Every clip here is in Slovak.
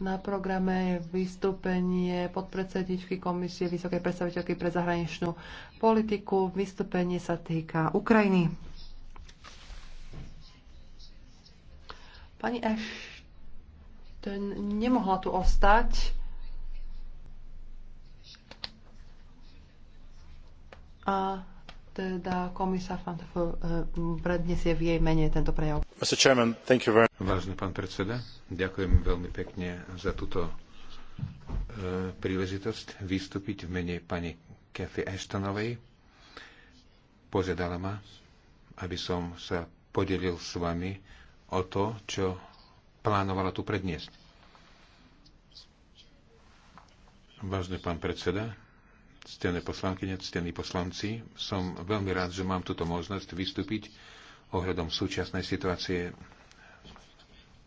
na programe je vystúpenie podpredsedničky Komisie Vysokej predstaviteľky pre zahraničnú politiku. Vystúpenie sa týka Ukrajiny. Pani Ashton nemohla tu ostať. A teda komisár Fantafel eh, prednesie v jej mene tento prejav. Vážny pán predseda, ďakujem veľmi pekne za túto eh, príležitosť vystúpiť v mene pani Kathy Ashtonovej. Požiadala ma, aby som sa podelil s vami o to, čo plánovala tu predniesť. Vážny pán predseda, Ctené poslankyne, ctení poslanci, som veľmi rád, že mám túto možnosť vystúpiť ohľadom súčasnej situácie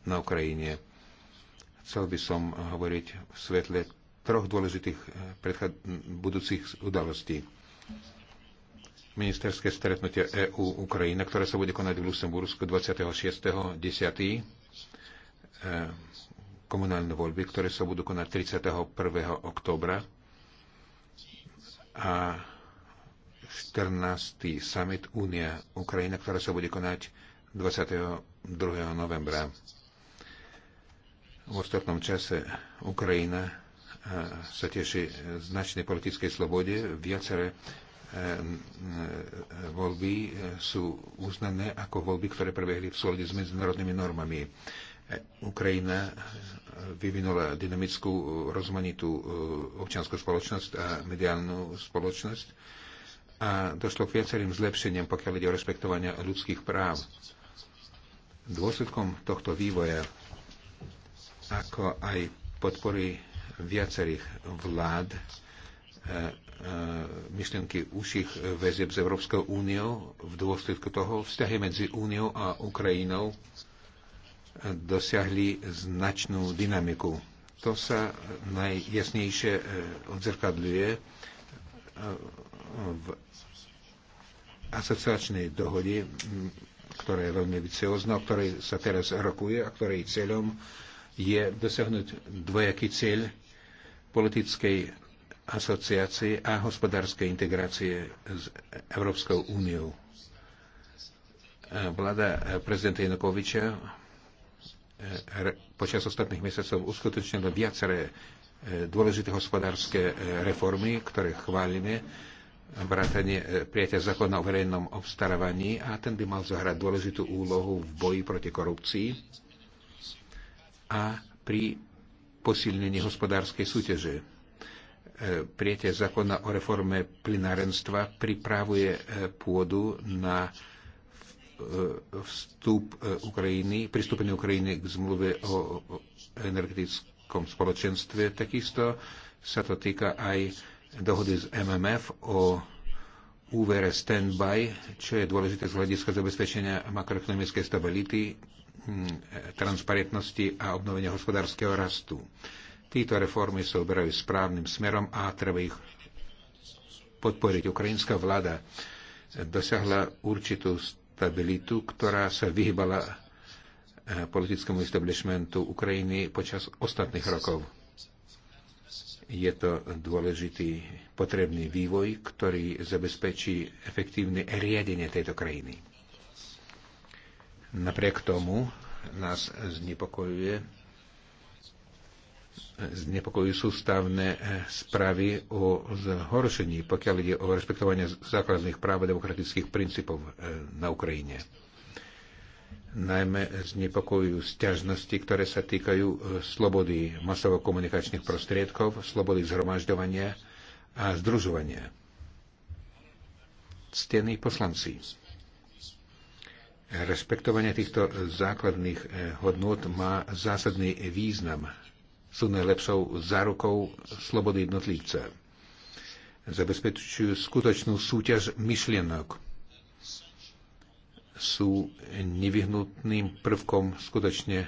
na Ukrajine. Chcel by som hovoriť v svetle troch dôležitých eh, predchod- budúcich udalostí. Ministerské stretnutie EU-Ukrajina, ktoré sa bude konať v Luxembursku 26.10. Eh, komunálne voľby, ktoré sa budú konať 31. oktobra a 14. summit Únia Ukrajina, ktorá sa bude konať 22. novembra. V ostatnom čase Ukrajina e, sa teší značnej politickej slobode. Viaceré e, e, voľby sú uznané ako voľby, ktoré prebehli v súlade s medzinárodnými normami. Ukrajina vyvinula dynamickú, rozmanitú e, občianskú spoločnosť a mediálnu spoločnosť a došlo k viacerým zlepšeniam, pokiaľ ide o respektovanie ľudských práv. Dôsledkom tohto vývoja, ako aj podpory viacerých vlád, e, e, myšlienky užších väzieb s Európskou úniou, v dôsledku toho vzťahy medzi úniou a Ukrajinou dosiahli značnú dynamiku. To sa najjasnejšie e, odzrkadľuje e, v asociačnej dohode, ktorá je veľmi viceozná, o ktorej sa teraz rokuje a ktorej cieľom je dosiahnuť dvojaký cieľ politickej asociácie a hospodárskej integrácie s Európskou úniou. E, vláda prezidenta Janukoviča počas ostatných mesiacov uskutočnené viaceré e, dôležité hospodárske e, reformy, ktoré chválime, vrátanie e, prijatia zákona o verejnom obstarávaní a ten by mal zahrať dôležitú úlohu v boji proti korupcii a pri posilnení hospodárskej súťaže. Prijatie zákona o reforme plinárenstva pripravuje pôdu na E, vstup e, Ukrajiny, pristúpenie Ukrajiny k zmluve o energetickom spoločenstve. Takisto sa to týka aj dohody z MMF o úvere standby, čo je dôležité z hľadiska zabezpečenia makroekonomickej stability, mm, transparentnosti a obnovenia hospodárskeho rastu. Títo reformy sa uberajú správnym smerom a treba ich podporiť. Ukrajinská vláda dosiahla určitú stabilitu, ktorá sa vyhýbala eh, politickému establishmentu Ukrajiny počas ostatných rokov. Je to dôležitý potrebný vývoj, ktorý zabezpečí efektívne riadenie tejto krajiny. Napriek tomu nás znepokojuje znepokojujú sústavné eh, spravy o zhoršení, pokiaľ ide o rešpektovanie základných práv a demokratických princípov eh, na Ukrajine. Najmä znepokojujú sťažnosti, ktoré sa týkajú eh, slobody masovo-komunikačných prostriedkov, slobody zhromažďovania a združovania. Ctení poslanci, rešpektovanie týchto základných hodnot má zásadný význam sú najlepšou zárukou slobody jednotlivca. Zabezpečujú skutočnú súťaž myšlienok. Sú nevyhnutným prvkom skutočne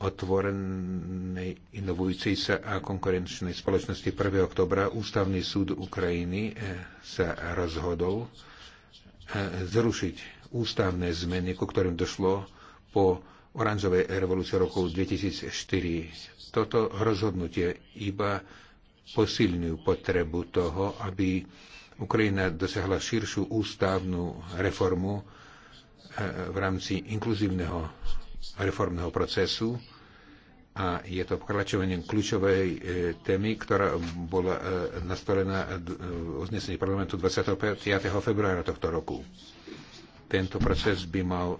otvorenej, inovujúcej sa a konkurenčnej spoločnosti 1. oktobra Ústavný súd Ukrajiny eh, sa rozhodol eh, zrušiť ústavné zmeny, ku ktorým došlo po oranžovej revolúcie roku 2004. Toto rozhodnutie iba posilňujú potrebu toho, aby Ukrajina dosiahla širšiu ústavnú reformu eh, v rámci inkluzívneho reformného procesu a je to pokračovanie kľúčovej eh, témy, ktorá bola eh, nastolená v uznesení parlamentu 25. februára tohto roku. Tento proces by mal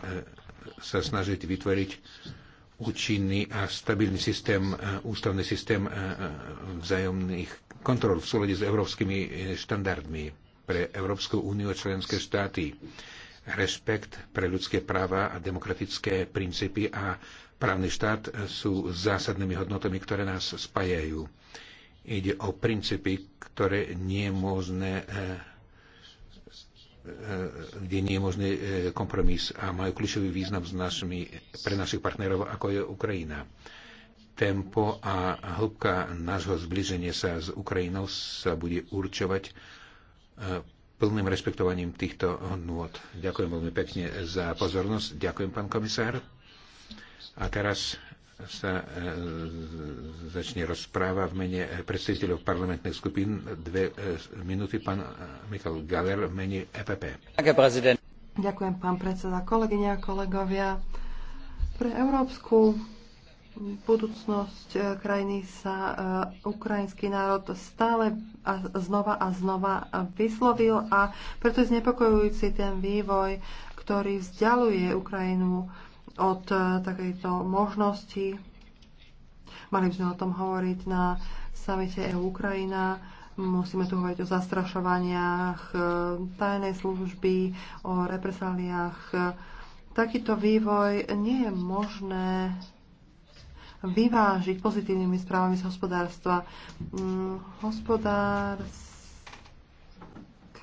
sa snažiť vytvoriť účinný a stabilný systém, e, ústavný systém e, e, vzájomných kontrol v súlade s európskymi štandardmi pre Európsku úniu a členské štáty. Rešpekt pre ľudské práva a demokratické princípy a právny štát sú zásadnými hodnotami, ktoré nás spájajú. Ide o princípy, ktoré nie je možné E, kde nie je možný e, kompromis a majú kľúčový význam s našimi, pre našich partnerov, ako je Ukrajina. Tempo a hĺbka nášho zbliženia sa s Ukrajinou sa bude určovať e, plným respektovaním týchto hodnôt. Ďakujem veľmi pekne za pozornosť. Ďakujem, pán komisár. A teraz sa e, začne rozpráva v mene e, predstaviteľov parlamentných skupín. Dve e, minúty, pán Michal Galer v mene EPP. Ďakujem, pán predseda, kolegyne a kolegovia. Pre európsku budúcnosť krajiny sa ukrajinský národ stále a znova a znova vyslovil a preto je znepokojujúci ten vývoj, ktorý vzdialuje Ukrajinu od eh, takejto možnosti. Mali by sme o tom hovoriť na samite EU Ukrajina. Musíme tu hovoriť o zastrašovaniach eh, tajnej služby, o represáliách. Takýto vývoj nie je možné vyvážiť pozitívnymi správami z hospodárstva. Mm, hospodárstvo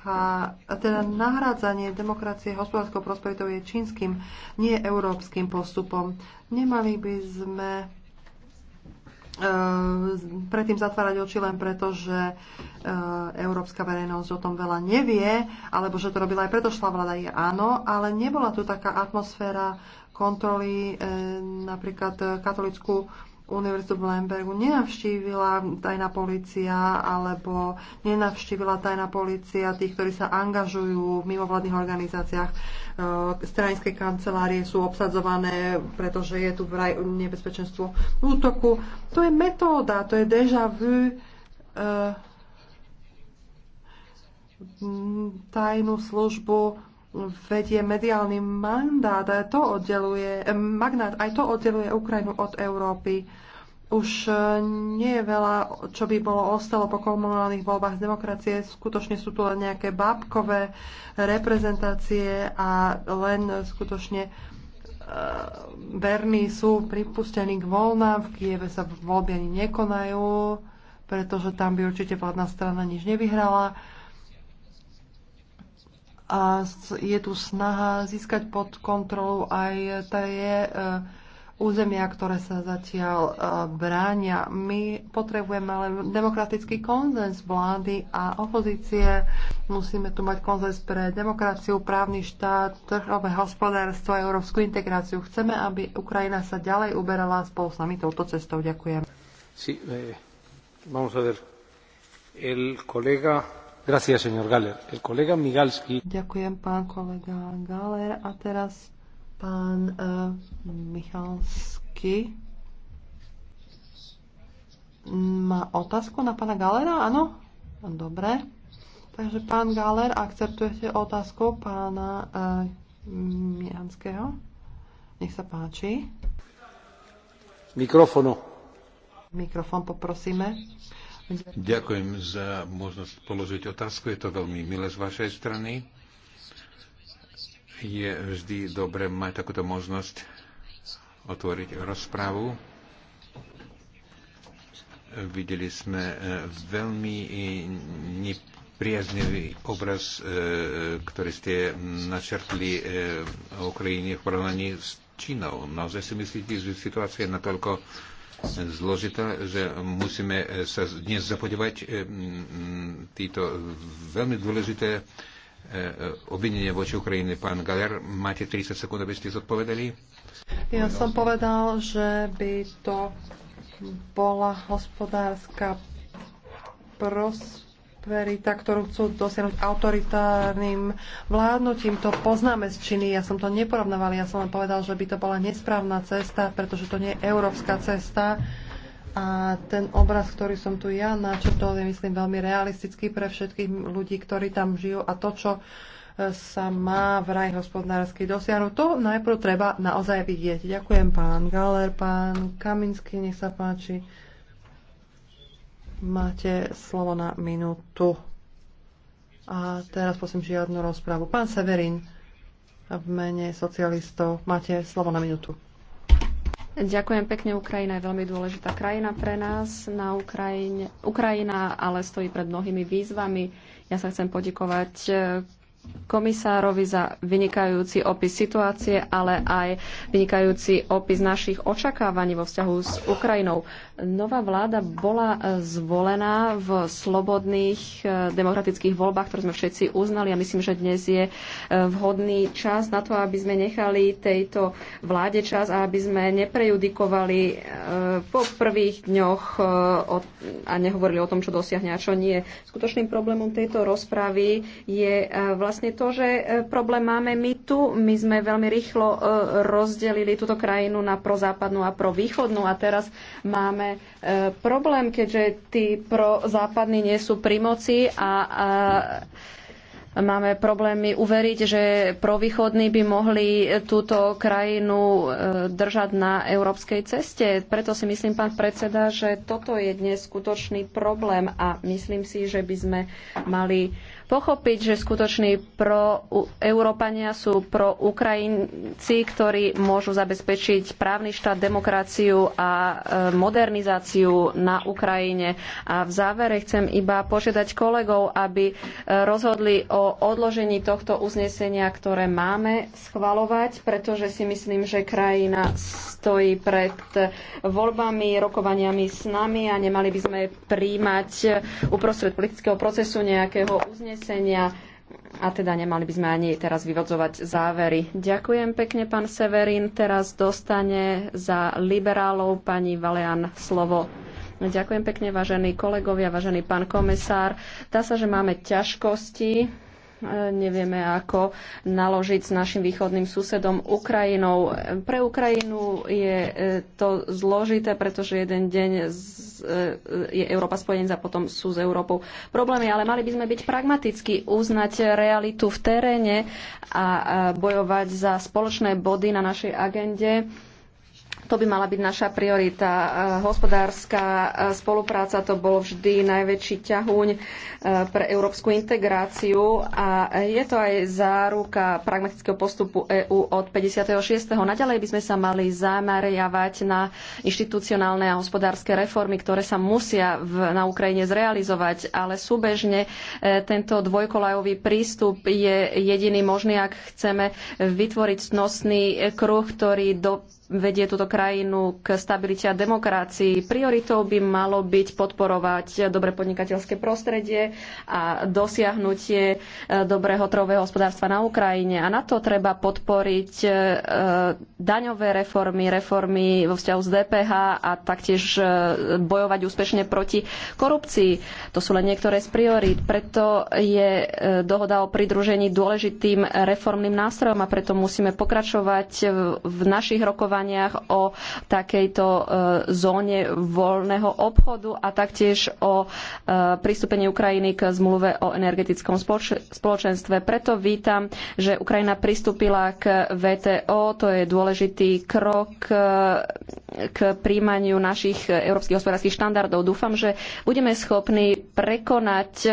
a, teda nahrádzanie demokracie hospodárskou prosperitou je čínskym, nie európskym postupom. Nemali by sme e, predtým zatvárať oči len preto, že e, európska verejnosť o tom veľa nevie, alebo že to robila aj predošlá vláda, je áno, ale nebola tu taká atmosféra kontroly. E, napríklad katolickú Univerzitu v Lembergu nenavštívila tajná policia alebo nenavštívila tajná policia tých, ktorí sa angažujú v mimovládnych organizáciách. E, stranické kancelárie sú obsadzované, pretože je tu vraj nebezpečenstvo útoku. To je metóda, to je déjà vu e, tajnú službu vedie mediálny mandát, aj to oddeluje, eh, magnát, aj to oddeluje Ukrajinu od Európy. Už eh, nie je veľa, čo by bolo ostalo po komunálnych voľbách z demokracie. Skutočne sú tu len nejaké bábkové reprezentácie a len skutočne eh, verní sú pripustení k voľnám. V Kieve sa voľby ani nekonajú, pretože tam by určite vládna strana nič nevyhrala a je tu snaha získať pod kontrolu aj tie e, územia, ktoré sa zatiaľ e, bránia. My potrebujeme ale demokratický konzens vlády a opozície. Musíme tu mať konzens pre demokraciu, právny štát, trhové hospodárstvo a európsku integráciu. Chceme, aby Ukrajina sa ďalej uberala spolu s nami touto cestou. Ďakujem. Sí, eh, vamos a ver. El colega Ďakujem, pán kolega Galler. A teraz pán uh, eh, Michalsky má otázku na pána Galera, áno? Dobre. Takže pán Galer, akceptujete otázku pána e, eh, Mianského? Nech sa páči. Mikrofono. Mikrofón poprosíme. Ďakujem za možnosť položiť otázku. Je to veľmi milé z vašej strany. Je vždy dobre mať takúto možnosť otvoriť rozprávu. Videli sme e, veľmi e, priaznivý obraz, e, ktorý ste načrtli o Ukrajine v porovnaní s Čínou. Naozaj si myslíte, že situácia je natoľko zložitá, že musíme sa dnes zapodívať eh, týto veľmi dôležité eh, obvinenie voči Ukrajine. Pán Galer, máte 30 sekúnd, aby ste zodpovedali. Ja som povedal, že by to bola hospodárska prospech verita, ktorú chcú dosiahnuť autoritárnym vládnutím. To poznáme z Číny. Ja som to neporovnával. Ja som len povedal, že by to bola nesprávna cesta, pretože to nie je európska cesta. A ten obraz, ktorý som tu ja načrtol, je myslím veľmi realistický pre všetkých ľudí, ktorí tam žijú a to, čo e, sa má vraj hospodársky dosiahnuť. To najprv treba naozaj vidieť. Ďakujem pán Galer, pán Kaminsky, nech sa páči. Máte slovo na minútu. A teraz prosím žiadnu rozprávu. Pán Severin, v mene socialistov, máte slovo na minútu. Ďakujem pekne. Ukrajina je veľmi dôležitá krajina pre nás. Na Ukrajine, Ukrajina ale stojí pred mnohými výzvami. Ja sa chcem podikovať komisárovi za vynikajúci opis situácie, ale aj vynikajúci opis našich očakávaní vo vzťahu s Ukrajinou. Nová vláda bola e, zvolená v slobodných e, demokratických voľbách, ktoré sme všetci uznali a myslím, že dnes je e, vhodný čas na to, aby sme nechali tejto vláde čas a aby sme neprejudikovali po prvých dňoch a nehovorili o tom, čo dosiahne a čo nie. Skutočným problémom tejto rozpravy je vlastne vlastne to, že e, problém máme my tu. My sme veľmi rýchlo e, rozdelili túto krajinu na prozápadnú a provýchodnú a teraz máme e, problém, keďže tí prozápadní nie sú pri moci a, a máme problémy uveriť, že provýchodní by mohli túto krajinu držať na európskej ceste. Preto si myslím, pán predseda, že toto je dnes skutočný problém a myslím si, že by sme mali pochopiť, že skutoční pro Európania sú pro Ukrajinci, ktorí môžu zabezpečiť právny štát, demokraciu a e, modernizáciu na Ukrajine. A v závere chcem iba požiadať kolegov, aby e, rozhodli o odložení tohto uznesenia, ktoré máme schvalovať, pretože si myslím, že krajina stojí pred voľbami, rokovaniami s nami a nemali by sme príjmať uprostred politického procesu nejakého uznesenia uznesenia a teda nemali by sme ani teraz vyvodzovať závery. Ďakujem pekne, pán Severin. Teraz dostane za liberálov pani Valean slovo. Ďakujem pekne, vážení kolegovia, vážený pán komisár. Dá sa, že máme ťažkosti E, nevieme, ako naložiť s našim východným susedom Ukrajinou. Pre Ukrajinu je e, to zložité, pretože jeden deň e, je Európa spojenca, a potom sú s Európou problémy, ale mali by sme byť pragmaticky, uznať realitu v teréne a bojovať za spoločné body na našej agende to by mala byť naša priorita. E, hospodárska e, spolupráca to bol vždy najväčší ťahuň e, pre európsku integráciu a je to aj záruka pragmatického postupu EÚ od 56. Naďalej by sme sa mali zamariavať na inštitucionálne a hospodárske reformy, ktoré sa musia v, na Ukrajine zrealizovať, ale súbežne tento dvojkolajový prístup je jediný možný, ak chceme vytvoriť nosný kruh, ktorý do vedie túto krajinu k stabilite a demokracii. Prioritou by malo byť podporovať dobre podnikateľské prostredie a dosiahnutie e, dobrého trového hospodárstva na Ukrajine. A na to treba podporiť e, daňové reformy, reformy vo vzťahu s DPH a taktiež e, bojovať úspešne proti korupcii. To sú len niektoré z priorít. Preto je dohoda o pridružení dôležitým reformným nástrojom a preto musíme pokračovať v našich rokovaniach rokovaniach o takejto e, zóne voľného obchodu a taktiež o e, pristúpení Ukrajiny k zmluve o energetickom spoločenstve. Preto vítam, že Ukrajina pristúpila k VTO. To je dôležitý krok e, k príjmaniu našich európskych hospodárskych štandardov. Dúfam, že budeme schopní prekonať e,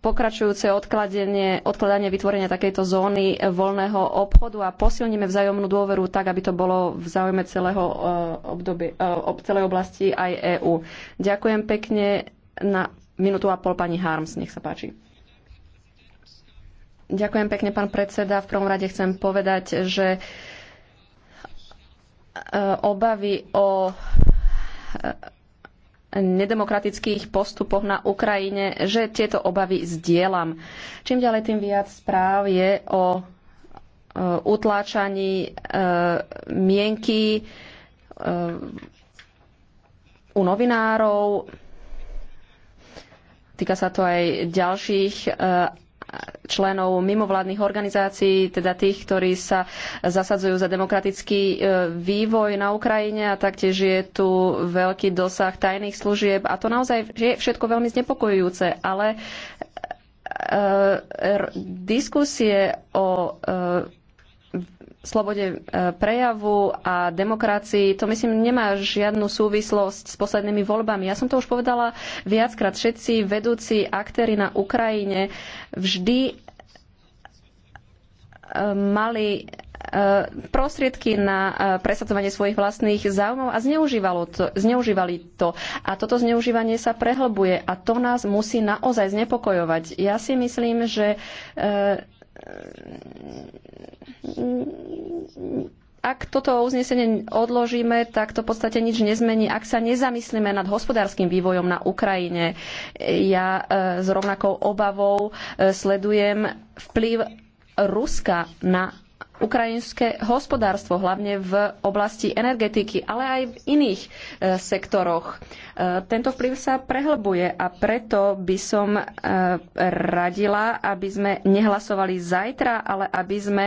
pokračujúce odkladenie, odkladanie vytvorenia takejto zóny voľného obchodu a posilníme vzájomnú dôveru tak, aby to bolo v záujme celého e, obdobie, e, celej oblasti aj EÚ. Ďakujem pekne na minútu a pol pani Harms. Nech sa páči. Ďakujem pekne, pán predseda. V prvom rade chcem povedať, že obavy o e, nedemokratických postupoch na Ukrajine, že tieto obavy zdieľam. Čím ďalej, tým viac správ je o e, utláčaní e, mienky u novinárov. Týka sa to aj ďalších členov mimovládnych organizácií, teda tých, ktorí sa zasadzujú za demokratický e, vývoj na Ukrajine a taktiež je tu veľký dosah tajných služieb a to naozaj je všetko veľmi znepokojujúce, ale e, diskusie o e, slobode e, prejavu a demokracii, to myslím nemá žiadnu súvislosť s poslednými voľbami. Ja som to už povedala viackrát. Všetci vedúci aktéry na Ukrajine vždy e, mali e, prostriedky na presadzovanie svojich vlastných záujmov a zneužívalo to, zneužívali to. A toto zneužívanie sa prehlbuje a to nás musí naozaj znepokojovať. Ja si myslím, že ak toto uznesenie odložíme, tak to v podstate nič nezmení, ak sa nezamyslíme nad hospodárskym vývojom na Ukrajine. Ja e, s rovnakou obavou e, sledujem vplyv Ruska na ukrajinské hospodárstvo, hlavne v oblasti energetiky, ale aj v iných e, sektoroch. E, tento vplyv sa prehlbuje a preto by som e, radila, aby sme nehlasovali zajtra, ale aby sme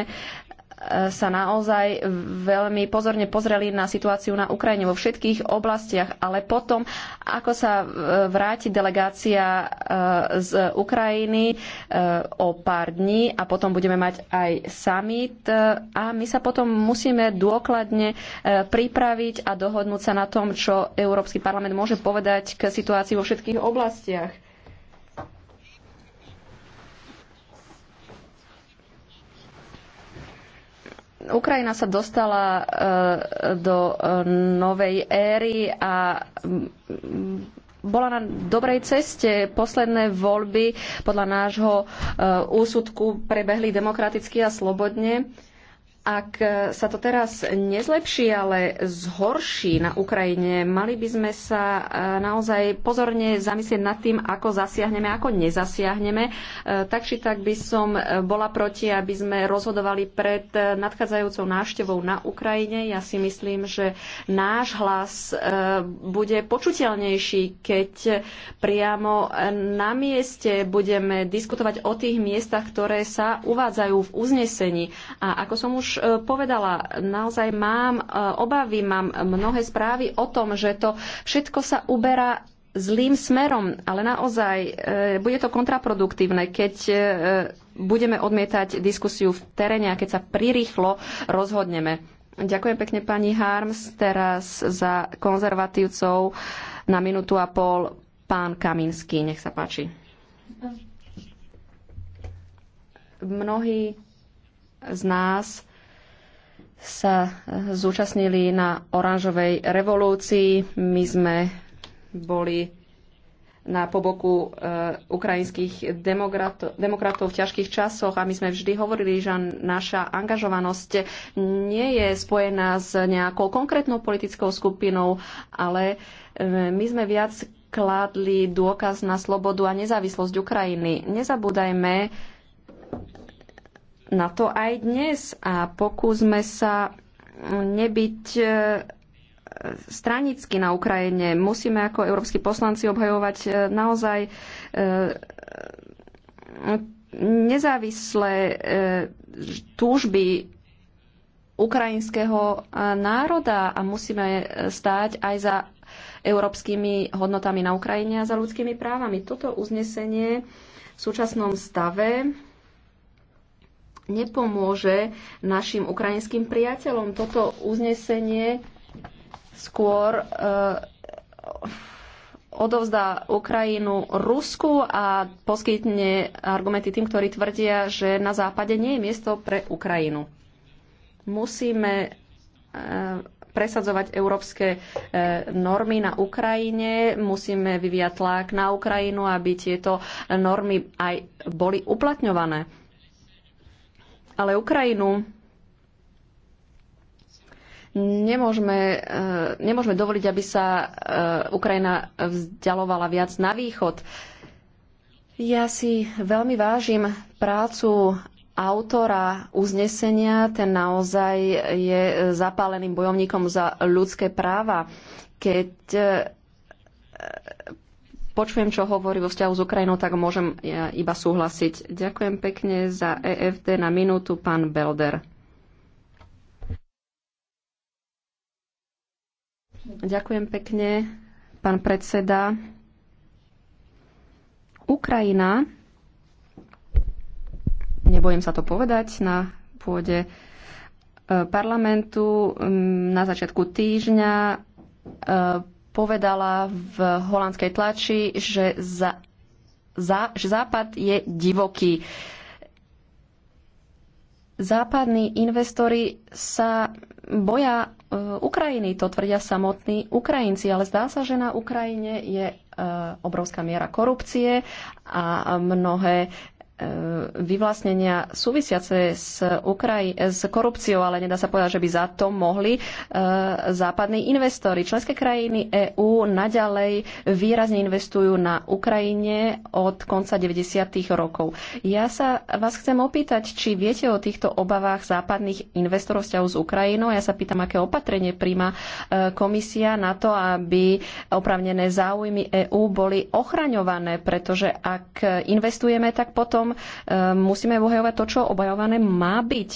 sa naozaj veľmi pozorne pozreli na situáciu na Ukrajine vo všetkých oblastiach, ale potom, ako sa e, vráti delegácia e, z Ukrajiny e, o pár dní a potom budeme mať aj summit a my sa potom musíme dôkladne pripraviť a dohodnúť sa na tom, čo Európsky parlament môže povedať k situácii vo všetkých oblastiach. Ukrajina sa dostala eh, do eh, novej éry a mm, bola na dobrej ceste. Posledné voľby podľa nášho eh, úsudku prebehli demokraticky a slobodne ak e, sa to teraz nezlepší, ale zhorší na Ukrajine, mali by sme sa e, naozaj pozorne zamyslieť nad tým, ako zasiahneme, ako nezasiahneme. E, tak či tak by som bola proti, aby sme rozhodovali pred nadchádzajúcou návštevou na Ukrajine. Ja si myslím, že náš hlas bude počuteľnejší, keď priamo na mieste budeme diskutovať o tých miestach, ktoré sa uvádzajú v uznesení. A ako som už už e, povedala, naozaj mám e, obavy, mám mnohé správy o tom, že to všetko sa uberá zlým smerom, ale naozaj e, bude to kontraproduktívne, keď e, budeme odmietať diskusiu v teréne a keď sa prirýchlo rozhodneme. Ďakujem pekne pani Harms. Teraz za konzervatívcov na minútu a pol pán Kaminský. Nech sa páči. Mnohí z nás sa eh, zúčastnili na oranžovej revolúcii. My sme boli na poboku eh, ukrajinských demokratov v ťažkých časoch a my sme vždy hovorili, že naša angažovanosť nie je spojená s nejakou konkrétnou politickou skupinou, ale eh, my sme viac kládli dôkaz na slobodu a nezávislosť Ukrajiny. Nezabúdajme, na to aj dnes a pokúsme sa nebyť e, stranicky na Ukrajine. Musíme ako európsky poslanci obhajovať e, naozaj e, nezávislé túžby ukrajinského národa a musíme stáť aj za európskymi hodnotami na Ukrajine a za ľudskými právami. Toto uznesenie v súčasnom stave nepomôže našim ukrajinským priateľom. Toto uznesenie skôr e, odovzdá Ukrajinu Rusku a poskytne argumenty tým, ktorí tvrdia, že na západe nie je miesto pre Ukrajinu. Musíme e, presadzovať európske e, normy na Ukrajine, musíme vyvíjať tlak na Ukrajinu, aby tieto normy aj boli uplatňované ale Ukrajinu nemôžeme, eh, nemôžeme dovoliť, aby sa eh, Ukrajina vzdialovala viac na východ. Ja si veľmi vážim prácu autora uznesenia, ten naozaj je zapáleným bojovníkom za ľudské práva. Keď eh, počujem, čo hovorí vo vzťahu s Ukrajinou, tak môžem ja iba súhlasiť. Ďakujem pekne za EFD na minútu, pán Belder. Ďakujem pekne, pán predseda. Ukrajina, nebojím sa to povedať, na pôde e, parlamentu na začiatku týždňa e, povedala v holandskej tlači, že, za, za, že Západ je divoký. Západní investori sa boja e, Ukrajiny, to tvrdia samotní Ukrajinci, ale zdá sa, že na Ukrajine je e, obrovská miera korupcie a mnohé E, vyvlastnenia súvisiace s, Ukraj- s korupciou, ale nedá sa povedať, že by za to mohli e, západní investori. Členské krajiny EÚ naďalej výrazne investujú na Ukrajine od konca 90. rokov. Ja sa vás chcem opýtať, či viete o týchto obavách západných investorov vzťahu s Ukrajinou. Ja sa pýtam, aké opatrenie príjma e, komisia na to, aby opravnené záujmy EÚ boli ochraňované, pretože ak investujeme, tak potom Eh, musíme obhajovať to, čo obhajované má byť.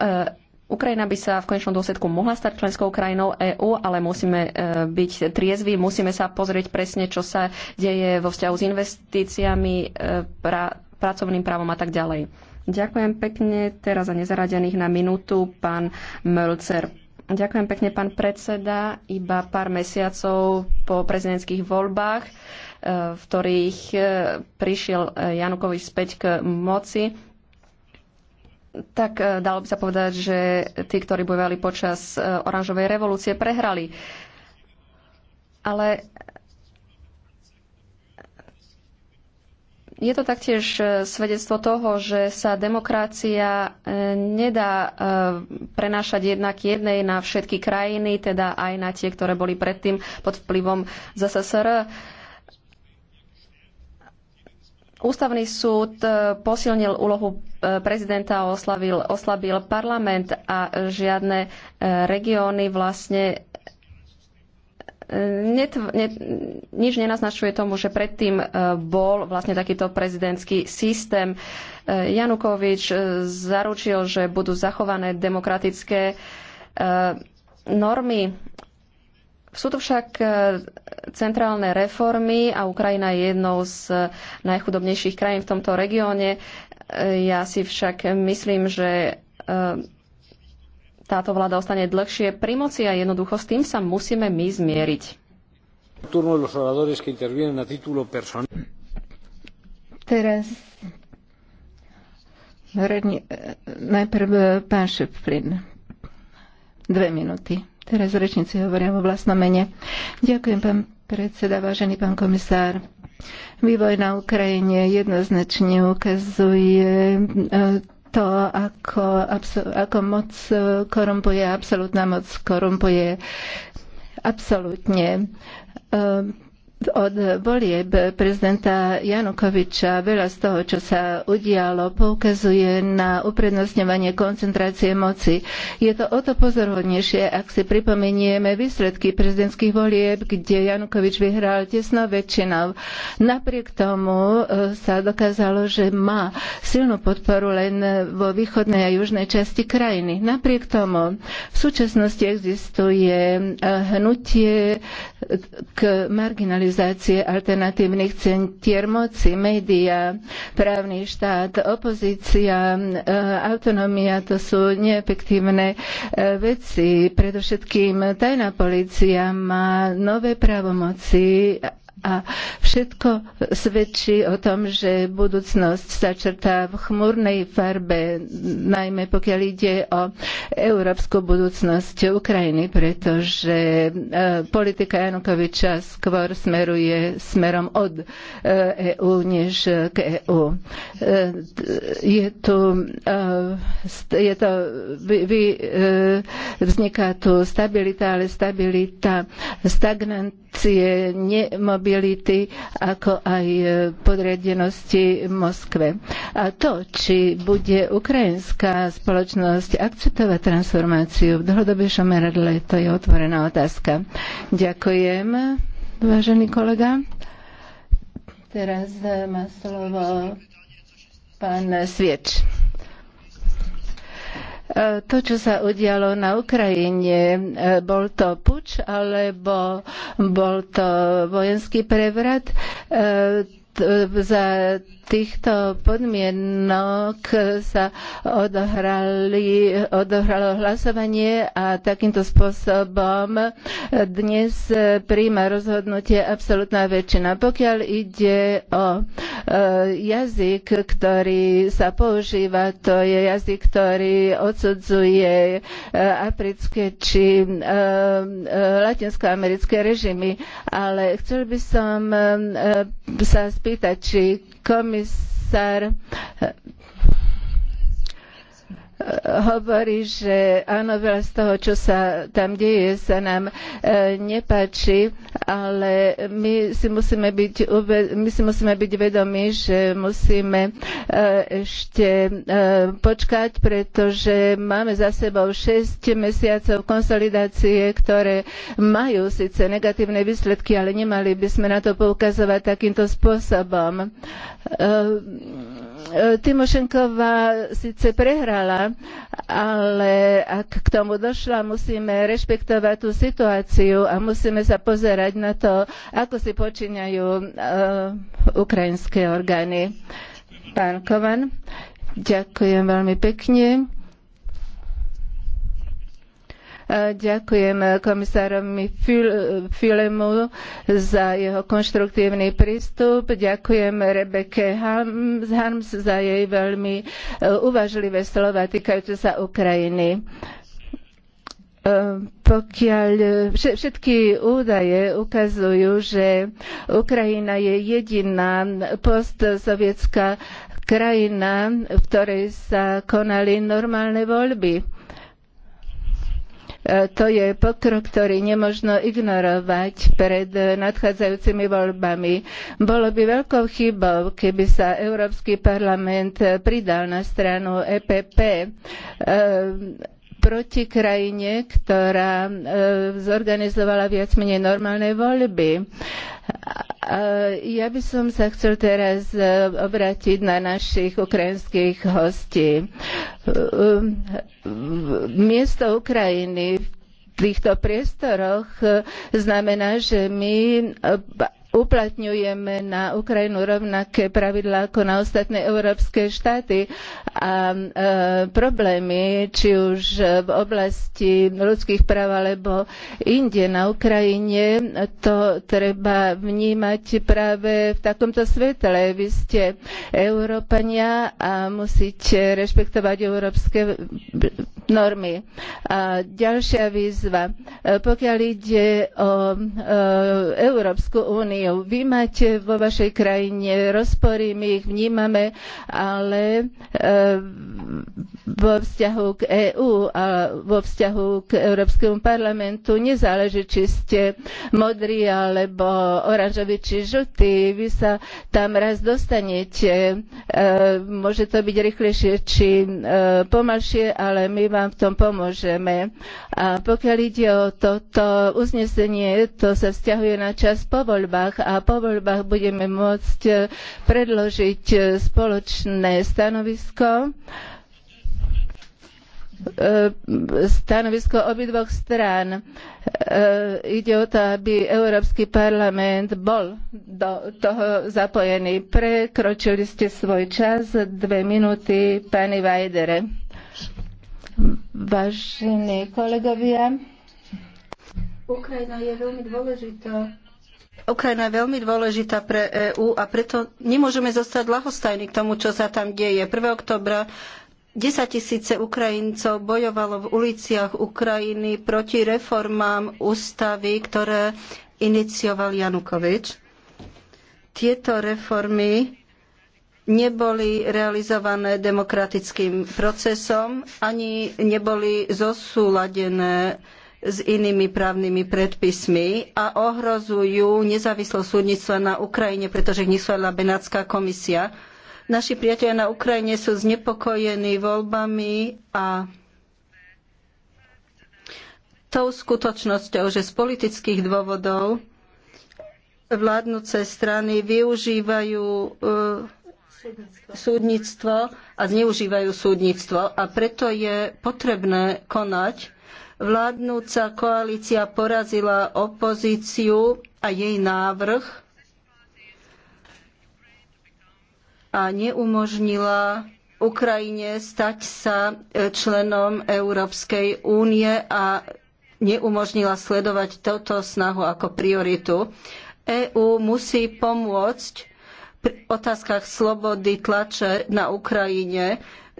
Eh, Ukrajina by sa v konečnom dôsledku mohla stať členskou krajinou EÚ, ale musíme eh, byť triezvi, musíme sa pozrieť presne, čo sa deje vo vzťahu s investíciami, pra, pracovným právom a tak ďalej. Ďakujem pekne. Teraz za nezaradených na minútu pán Mölcer. Ďakujem pekne, pán predseda. Iba pár mesiacov po prezidentských voľbách E, v ktorých e, prišiel e, Janukovič späť k moci, tak dalo by sa povedať, že tí, ktorí bojovali počas oranžovej revolúcie, prehrali. Ale je to taktiež svedectvo toho, že sa demokracia nedá prenášať jednak jednej na všetky krajiny, teda aj na tie, ktoré boli predtým pod vplyvom ZSSR. Ústavný súd e, posilnil úlohu e, prezidenta a oslabil, oslabil parlament a žiadne e, regióny vlastne nič nenaznačuje tomu, že predtým bol vlastne takýto prezidentský systém. Janukovič zaručil, že budú zachované demokratické normy sú to však e, centrálne reformy a Ukrajina je jednou z e, najchudobnejších krajín v tomto regióne. E, ja si však myslím, že táto vláda ostane dlhšie pri moci a jednoducho s tým sa musíme my zmieriť. Teraz eh, najprv eh, pán Šepflin. Dve minúty. Teraz rečníci hovoria vo vlastnom mene. Ďakujem, pán predseda, vážený pán komisár. Vývoj na Ukrajine jednoznačne ukazuje eh, to, ako, ako moc eh, korumpuje, absolútna moc korumpuje absolútne eh, od volieb prezidenta Janukoviča veľa z toho, čo sa udialo, poukazuje na uprednostňovanie koncentrácie moci. Je to o to pozorhodnejšie, ak si pripomenieme výsledky prezidentských volieb, kde Janukovič vyhral tesnou väčšinou. Napriek tomu eh, sa dokázalo, že má silnú podporu len vo východnej a južnej časti krajiny. Napriek tomu v súčasnosti existuje eh, hnutie k marginalizácii alternatívnych centier moci, média, právny štát, opozícia, eh, autonómia, to sú neefektívne eh, veci. Predovšetkým tajná policia má nové právomoci a všetko svedčí o tom, že budúcnosť sa črtá v chmurnej farbe, najmä pokiaľ ide o európsku budúcnosť Ukrajiny, pretože e, politika Janukoviča skôr smeruje smerom od EÚ e než k EÚ. E, je tu, je to, vy, vzniká tu stabilita, ale stabilita stagnácie nemobility stability, ako aj e, podriadenosti Moskve. A to, či bude ukrajinská spoločnosť akceptovať transformáciu v dlhodobejšom meradle, to je otvorená otázka. Ďakujem, vážený kolega. Teraz e, má slovo pán Svieč. E, to, čo sa udialo na Ukrajine, e, bol to puč alebo bol to vojenský prevrat, e, za týchto podmienok sa odohrali, odohralo hlasovanie a takýmto spôsobom dnes príjma rozhodnutie absolútna väčšina. Pokiaľ ide o e, jazyk, ktorý sa používa, to je jazyk, ktorý odsudzuje e, africké či e, latinskoamerické režimy, ale chcel by som sa spýtať, či komisár hovorí, že áno, veľa z toho, čo sa tam deje, sa nám e, nepáči, ale my si musíme byť, my si musíme byť vedomi, že musíme e, ešte e, počkať, pretože máme za sebou 6 mesiacov konsolidácie, ktoré majú síce negatívne výsledky, ale nemali by sme na to poukazovať takýmto spôsobom. Uh, E, Timošenková síce prehrala, ale ak k tomu došla, musíme rešpektovať tú situáciu a musíme sa pozerať na to, ako si počínajú uh, ukrajinské orgány. Pán Kovan, ďakujem veľmi pekne. Ďakujem eh, komisárovi Filemu za jeho konštruktívny prístup. Ďakujem Rebeke Harms za jej veľmi eh, uvažlivé slova týkajúce sa Ukrajiny eh, pokiaľ všetky údaje ukazujú, že Ukrajina je jediná postsovietská krajina, v ktorej sa konali normálne voľby E, to je pokrok, ktorý nemožno ignorovať pred e, nadchádzajúcimi voľbami. Bolo by veľkou chybou, keby sa Európsky parlament e, pridal na stranu EPP proti krajine, ktorá zorganizovala viac menej normálne voľby. Ja by som sa chcel teraz e, obrátiť na našich ukrajinských hostí. E, e, miesto Ukrajiny v týchto priestoroch znamená, že my uplatňujeme na Ukrajinu rovnaké pravidlá ako na ostatné európske štáty a e, problémy, či už v oblasti ľudských práv alebo inde na Ukrajine, to treba vnímať práve v takomto svetle. Vy ste Európania a musíte rešpektovať európske normy. A ďalšia výzva. E, pokiaľ ide o e, Európsku úniu, vy máte vo vašej krajine rozpory, my ich vnímame, ale e, vo vzťahu k EÚ a vo vzťahu k Európskemu parlamentu nezáleží, či ste modrí alebo oranžoví či žltí. Vy sa tam raz dostanete. Môže to byť rýchlejšie či pomalšie, ale my vám vám v tom pomôžeme. A pokiaľ ide o toto uznesenie, to sa vzťahuje na čas po voľbách a po voľbách budeme môcť eh, predložiť eh, spoločné stanovisko eh, stanovisko obidvoch strán. Ide o to, aby Európsky parlament bol do toho zapojený. Prekročili ste svoj čas, dve minúty, pani Vajdere. Vážení kolegovia, Ukrajina je veľmi dôležitá. Ukrajina je veľmi dôležitá pre EÚ a preto nemôžeme zostať ľahostajní k tomu, čo sa tam deje. 1. oktobra 10 tisíce Ukrajincov bojovalo v uliciach Ukrajiny proti reformám ústavy, ktoré inicioval Janukovič. Tieto reformy neboli realizované demokratickým procesom ani neboli zosúladené s inými právnymi predpismi a ohrozujú nezávislosť súdnictva na Ukrajine, pretože ich nesvedla Benátska komisia. Naši priatelia na Ukrajine sú znepokojení voľbami a tou skutočnosťou, že z politických dôvodov vládnuce strany využívajú eh, súdnictvo a zneužívajú súdnictvo. A preto je potrebné konať. Vládnúca koalícia porazila opozíciu a jej návrh a neumožnila Ukrajine stať sa e, členom Európskej únie a neumožnila sledovať toto snahu ako prioritu. EÚ musí pomôcť otázkach slobody tlače na Ukrajine.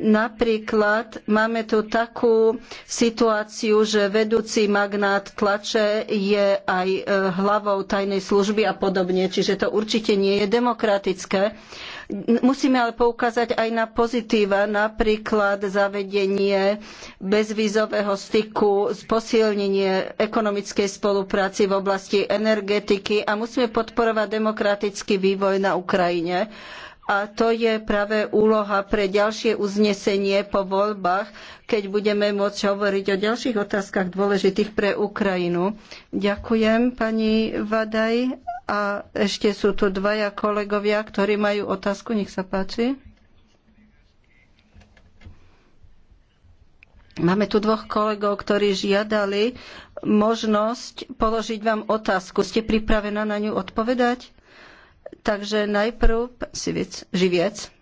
Napríklad máme tu takú situáciu, že vedúci magnát tlače je aj e, hlavou tajnej služby a podobne, čiže to určite nie je demokratické. Musíme ale poukázať aj na pozitíva, napríklad zavedenie bezvízového styku, posilnenie ekonomickej spolupráci v oblasti energetiky a musíme podporovať demokratický vývoj na Ukrajine a to je práve úloha pre ďalšie uznesenie po voľbách, keď budeme môcť hovoriť o ďalších otázkach dôležitých pre Ukrajinu. Ďakujem, pani Vadaj. A ešte sú tu dvaja kolegovia, ktorí majú otázku. Nech sa páči. Máme tu dvoch kolegov, ktorí žiadali možnosť položiť vám otázku. Ste pripravená na ňu odpovedať? Takže najprv Sivic, Živiec.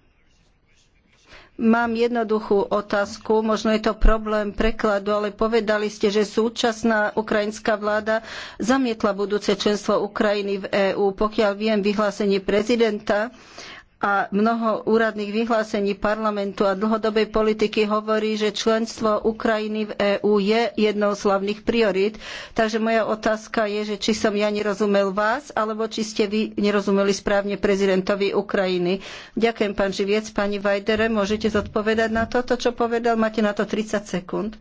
Mám jednoduchú otázku, možno je to problém prekladu, ale povedali ste, že súčasná ukrajinská vláda zamietla budúce členstvo Ukrajiny v EÚ. Pokiaľ viem vyhlásenie prezidenta, a mnoho úradných vyhlásení parlamentu a dlhodobej politiky hovorí, že členstvo Ukrajiny v EÚ je jednou z hlavných priorít. Takže moja otázka je, že či som ja nerozumel vás, alebo či ste vy nerozumeli správne prezidentovi Ukrajiny. Ďakujem, pán Živiec. Pani Vajdere, môžete zodpovedať na toto, čo povedal? Máte na to 30 sekúnd.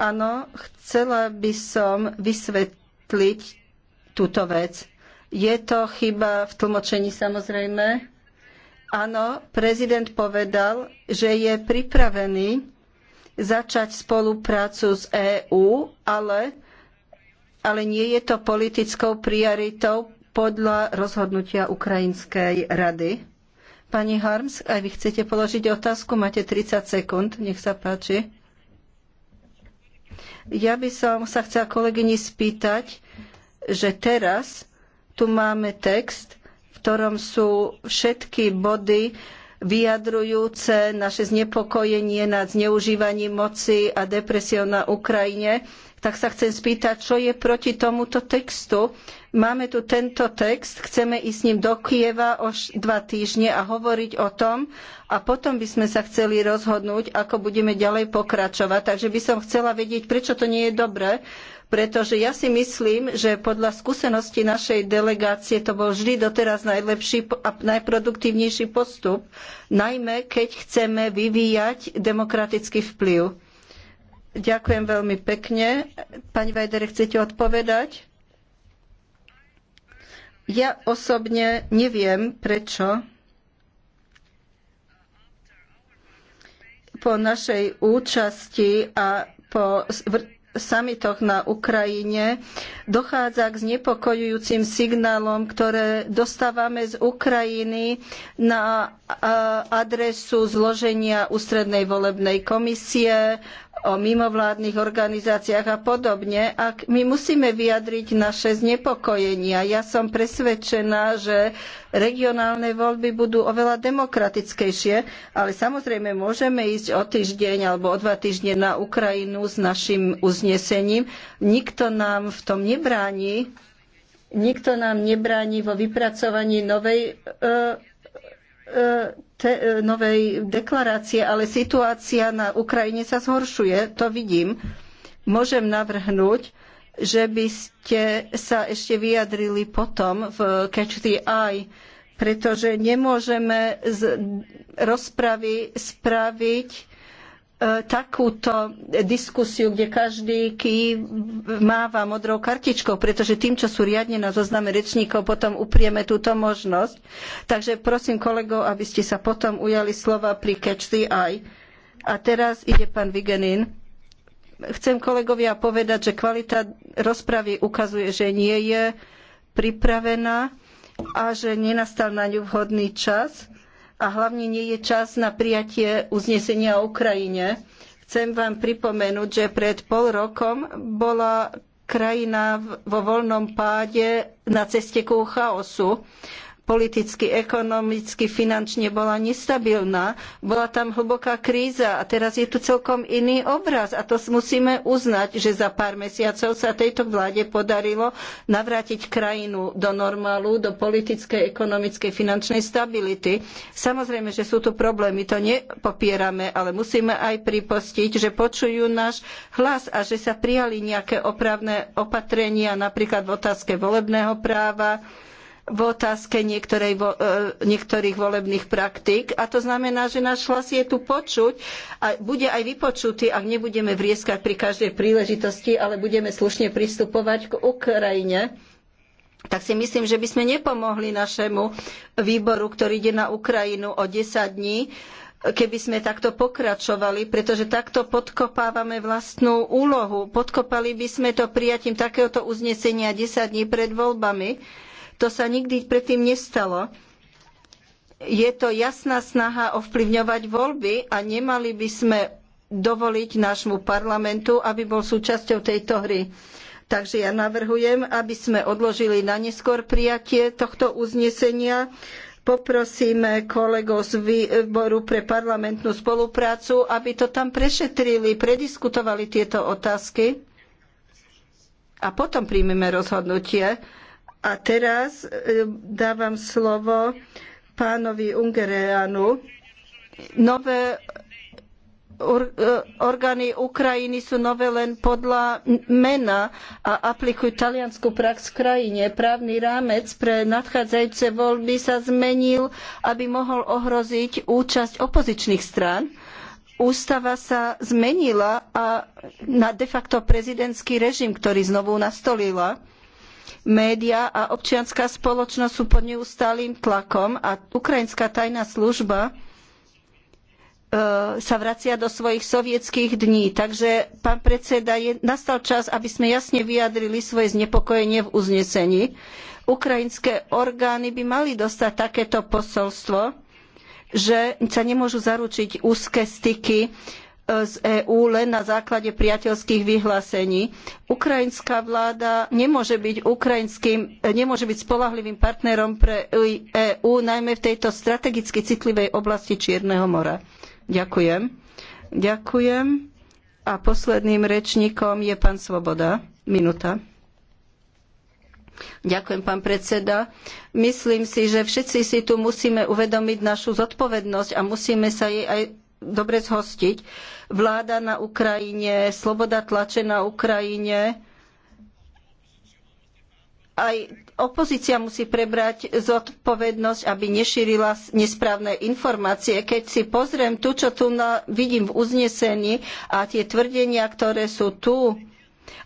Áno, chcela by som vysvetliť túto vec je to chyba v tlmočení samozrejme. Áno, prezident povedal, že je pripravený začať spoluprácu s EÚ, ale, ale nie je to politickou prioritou podľa rozhodnutia Ukrajinskej rady. Pani Harms, aj vy chcete položiť otázku? Máte 30 sekúnd, nech sa páči. Ja by som sa chcela kolegyni spýtať, že teraz tu máme text, v ktorom sú všetky body vyjadrujúce naše znepokojenie nad zneužívaním moci a depresiou na Ukrajine. Tak sa chcem spýtať, čo je proti tomuto textu, Máme tu tento text, chceme ísť s ním do Kieva o dva týždne a hovoriť o tom a potom by sme sa chceli rozhodnúť, ako budeme ďalej pokračovať. Takže by som chcela vedieť, prečo to nie je dobré, pretože ja si myslím, že podľa skúsenosti našej delegácie to bol vždy doteraz najlepší a najproduktívnejší postup, najmä keď chceme vyvíjať demokratický vplyv. Ďakujem veľmi pekne. Pani Vajdere, chcete odpovedať? Ja osobne neviem, prečo po našej účasti a po samitoch na Ukrajine dochádza k znepokojujúcim signálom, ktoré dostávame z Ukrajiny na adresu zloženia ústrednej volebnej komisie, o mimovládnych organizáciách a podobne. A my musíme vyjadriť naše znepokojenia. Ja som presvedčená, že regionálne voľby budú oveľa demokratickejšie, ale samozrejme môžeme ísť o týždeň alebo o dva týždne na Ukrajinu s našim uznesením. Nikto nám v tom nebráni. Nikto nám nebráni vo vypracovaní novej e, e, te, e, novej deklarácie, ale situácia na Ukrajine sa zhoršuje, to vidím. Môžem navrhnúť, že by ste sa ešte vyjadrili potom v Catch the Eye, pretože nemôžeme z rozpravy spraviť E, takúto diskusiu, kde každý máva modrou kartičkou, pretože tým, čo sú riadne na zozname rečníkov, potom uprieme túto možnosť. Takže prosím kolegov, aby ste sa potom ujali slova pri Catch the Eye. A teraz ide pán Vigenin. Chcem kolegovia povedať, že kvalita rozpravy ukazuje, že nie je pripravená a že nenastal na ňu vhodný čas a hlavne nie je čas na prijatie uznesenia o Ukrajine. Chcem vám pripomenúť, že pred pol rokom bola krajina vo voľnom páde na ceste ku chaosu politicky, ekonomicky, finančne bola nestabilná. Bola tam hlboká kríza a teraz je tu celkom iný obraz a to musíme uznať, že za pár mesiacov sa tejto vláde podarilo navrátiť krajinu do normálu, do politickej, ekonomickej, finančnej stability. Samozrejme, že sú tu problémy, to nepopierame, ale musíme aj pripustiť, že počujú náš hlas a že sa prijali nejaké opravné opatrenia, napríklad v otázke volebného práva, v otázke e, niektorých volebných praktík. A to znamená, že náš hlas je tu počuť a bude aj vypočutý, ak nebudeme vrieskať pri každej príležitosti, ale budeme slušne pristupovať k Ukrajine tak si myslím, že by sme nepomohli našemu výboru, ktorý ide na Ukrajinu o 10 dní, keby sme takto pokračovali, pretože takto podkopávame vlastnú úlohu. Podkopali by sme to prijatím takéhoto uznesenia 10 dní pred voľbami to sa nikdy predtým nestalo. Je to jasná snaha ovplyvňovať voľby a nemali by sme dovoliť nášmu parlamentu, aby bol súčasťou tejto hry. Takže ja navrhujem, aby sme odložili na neskôr prijatie tohto uznesenia. Poprosíme kolegov z výboru pre parlamentnú spoluprácu, aby to tam prešetrili, prediskutovali tieto otázky a potom príjmeme rozhodnutie. A teraz e, dávam slovo pánovi Ungereanu. Nové e, orgány Ukrajiny sú nové len podľa mena a aplikujú taliansku prax v krajine. Právny rámec pre nadchádzajúce voľby sa zmenil, aby mohol ohroziť účasť opozičných strán. Ústava sa zmenila a na de facto prezidentský režim, ktorý znovu nastolila Média a občianska spoločnosť sú pod neustálým tlakom a ukrajinská tajná služba e, sa vracia do svojich sovietskych dní. Takže, pán predseda, nastal čas, aby sme jasne vyjadrili svoje znepokojenie v uznesení. Ukrajinské orgány by mali dostať takéto posolstvo, že sa nemôžu zaručiť úzke styky z EÚ len na základe priateľských vyhlásení. Ukrajinská vláda nemôže byť, ukrajinským, nemôže byť spolahlivým partnerom pre EÚ, najmä v tejto strategicky citlivej oblasti Čierneho mora. Ďakujem. Ďakujem. A posledným rečníkom je pán Svoboda. Minúta. Ďakujem, pán predseda. Myslím si, že všetci si tu musíme uvedomiť našu zodpovednosť a musíme sa jej aj dobre zhostiť. Vláda na Ukrajine, sloboda tlače na Ukrajine, aj opozícia musí prebrať zodpovednosť, aby nešírila nesprávne informácie. Keď si pozriem tu, čo tu vidím v uznesení a tie tvrdenia, ktoré sú tu,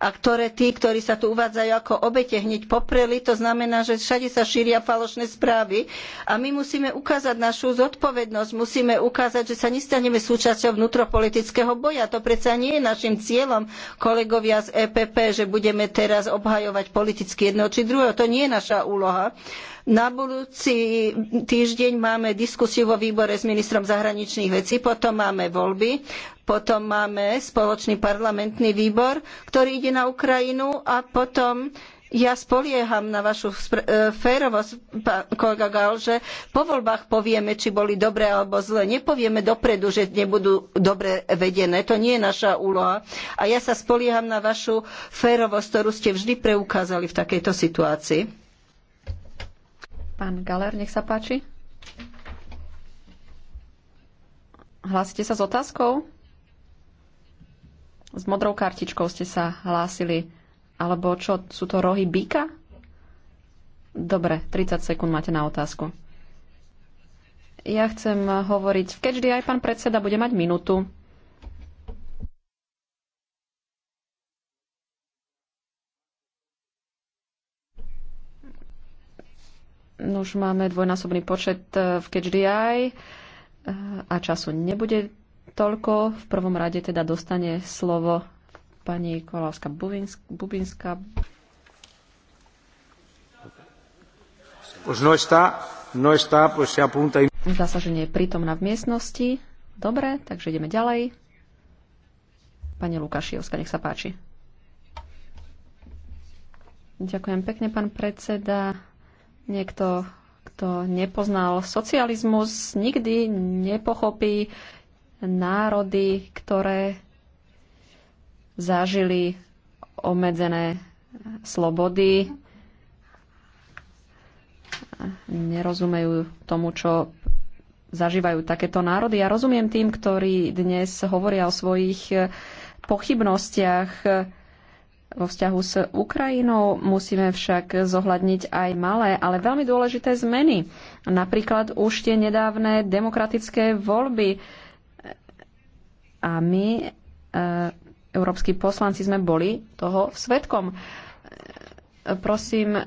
a ktoré tí, ktorí sa tu uvádzajú ako obete, hneď popreli. To znamená, že všade sa šíria falošné správy a my musíme ukázať našu zodpovednosť, musíme ukázať, že sa nestaneme súčasťou vnútropolitického boja. To predsa nie je našim cieľom, kolegovia z EPP, že budeme teraz obhajovať politicky jedno či druhého. To nie je naša úloha. Na budúci týždeň máme diskusiu vo výbore s ministrom zahraničných vecí, potom máme voľby potom máme spoločný parlamentný výbor, ktorý ide na Ukrajinu a potom ja spolieham na vašu e, férovosť, kolega Gal, že po voľbách povieme, či boli dobré alebo zlé. Nepovieme dopredu, že nebudú dobre vedené. To nie je naša úloha. A ja sa spolieham na vašu férovosť, ktorú ste vždy preukázali v takejto situácii. Pán Galer, nech sa páči. Hlásite sa s otázkou? s modrou kartičkou ste sa hlásili. Alebo čo, sú to rohy byka? Dobre, 30 sekúnd máte na otázku. Ja chcem hovoriť, v keďždy aj pán predseda bude mať minútu. No už máme dvojnásobný počet eh, v KHDI eh, a času nebude toľko. V prvom rade teda dostane slovo pani Kolávska Bubinská. Pues no está, no está, pues se apunta. Zdá sa, že nie je prítomná v miestnosti. Dobre, takže ideme ďalej. Pani Lukašievska, nech sa páči. Ďakujem pekne, pán predseda. Niekto, kto nepoznal socializmus, nikdy nepochopí národy, ktoré zažili obmedzené slobody, nerozumejú tomu, čo zažívajú takéto národy. Ja rozumiem tým, ktorí dnes hovoria o svojich pochybnostiach vo vzťahu s Ukrajinou. Musíme však zohľadniť aj malé, ale veľmi dôležité zmeny. Napríklad už tie nedávne demokratické voľby a my, e, európsky poslanci, sme boli toho svetkom. E, prosím, e,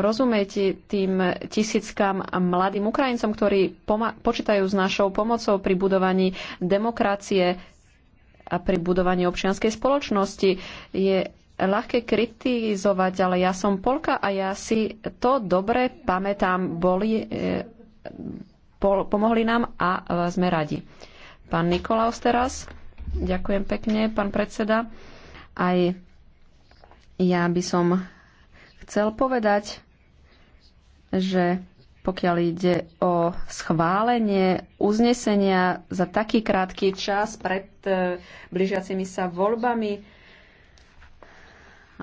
rozumejte tým tisíckam mladým Ukrajincom, ktorí počítajú s našou pomocou pri budovaní demokracie a pri budovaní občianskej spoločnosti. Je ľahké kritizovať, ale ja som Polka a ja si to dobre pamätám. Boli, pomohli nám a sme radi. Pán Nikolaus teraz. Ďakujem pekne, pán predseda. Aj ja by som chcel povedať, že pokiaľ ide o schválenie uznesenia za taký krátky čas pred eh, blížiacimi sa voľbami,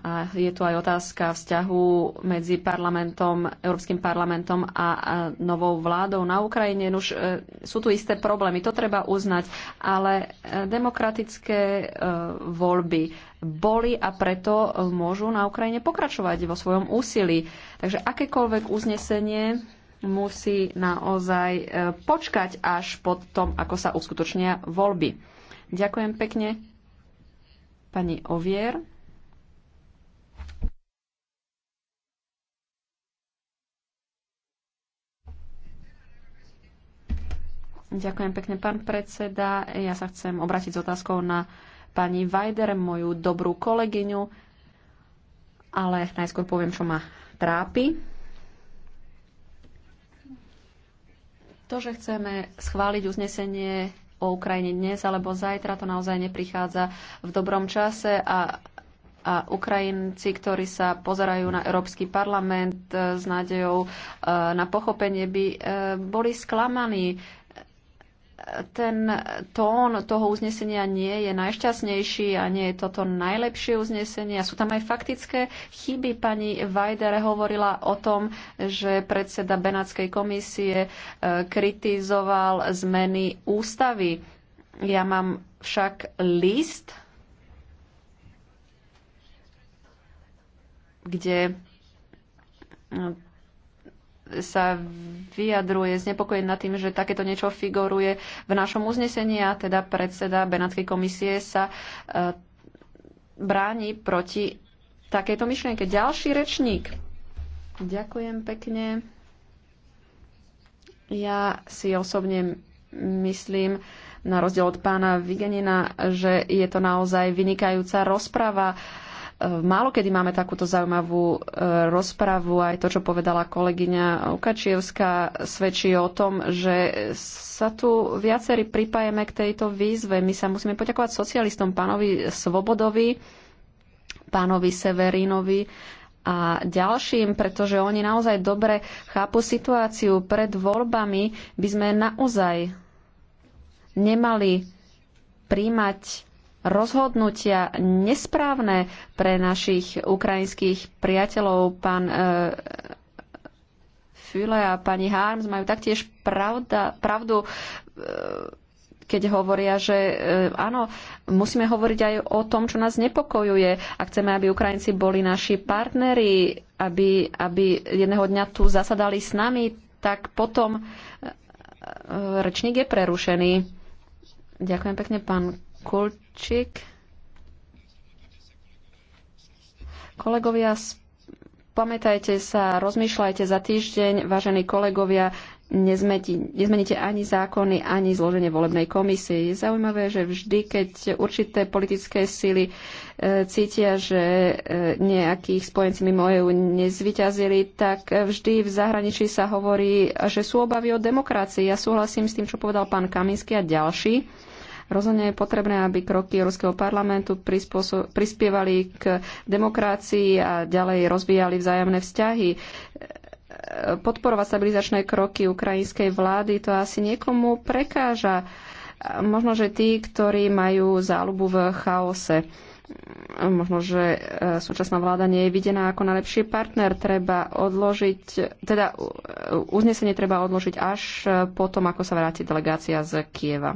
a je tu aj otázka vzťahu medzi parlamentom, Európskym parlamentom a novou vládou na Ukrajine. Už e, sú tu isté problémy, to treba uznať, ale e, demokratické e, voľby boli a preto môžu na Ukrajine pokračovať vo svojom úsilí. Takže akékoľvek uznesenie musí naozaj počkať až po tom, ako sa uskutočnia voľby. Ďakujem pekne. Pani Ovier. Ďakujem pekne, pán predseda. Ja sa chcem obrátiť s otázkou na pani Vajder, moju dobrú kolegyňu, ale najskôr poviem, čo ma trápi. To, že chceme schváliť uznesenie o Ukrajine dnes alebo zajtra, to naozaj neprichádza v dobrom čase a a Ukrajinci, ktorí sa pozerajú na Európsky parlament eh, s nádejou eh, na pochopenie, by eh, boli sklamaní ten tón toho uznesenia nie je najšťastnejší a nie je toto najlepšie uznesenie. A sú tam aj faktické chyby. Pani Vajdere hovorila o tom, že predseda Benátskej komisie e, kritizoval zmeny ústavy. Ja mám však list, kde sa vyjadruje znepokojený nad tým, že takéto niečo figuruje v našom uznesení a teda predseda Benátskej komisie sa e, bráni proti takejto myšlienke. Ďalší rečník. Ďakujem pekne. Ja si osobne myslím, na rozdiel od pána Vigenina, že je to naozaj vynikajúca rozprava Málo kedy máme takúto zaujímavú e, rozpravu, aj to, čo povedala kolegyňa Ukačievská, svedčí o tom, že sa tu viacerí pripájeme k tejto výzve. My sa musíme poďakovať socialistom, pánovi Svobodovi, pánovi Severinovi, a ďalším, pretože oni naozaj dobre chápu situáciu. Pred voľbami by sme naozaj nemali príjmať rozhodnutia nesprávne pre našich ukrajinských priateľov. Pán e, Füle a pani Harms majú taktiež pravda, pravdu, e, keď hovoria, že e, áno, musíme hovoriť aj o tom, čo nás nepokojuje a chceme, aby Ukrajinci boli naši partneri, aby, aby jedného dňa tu zasadali s nami, tak potom e, e rečník je prerušený. Ďakujem pekne, pán Kulčík. Kolegovia, pamätajte sa, rozmýšľajte za týždeň, vážení kolegovia, nezmeníte ani zákony, ani zloženie volebnej komisie. Je zaujímavé, že vždy, keď určité politické síly e, cítia, že e, nejakých spojenci mimo EU nezvyťazili, tak vždy v zahraničí sa hovorí, že sú obavy o demokracii. Ja súhlasím s tým, čo povedal pán Kaminsky a ďalší Rozhodne je potrebné, aby kroky Európskeho parlamentu prispievali k demokracii a ďalej rozvíjali vzájomné vzťahy podporovať stabilizačné kroky ukrajinskej vlády, to asi niekomu prekáža. Možno, že tí, ktorí majú záľubu v chaose. Možno, že e, súčasná vláda nie je videná ako najlepší partner. Treba odložiť, teda e, uznesenie treba odložiť až e, potom, ako sa vráti delegácia z Kieva.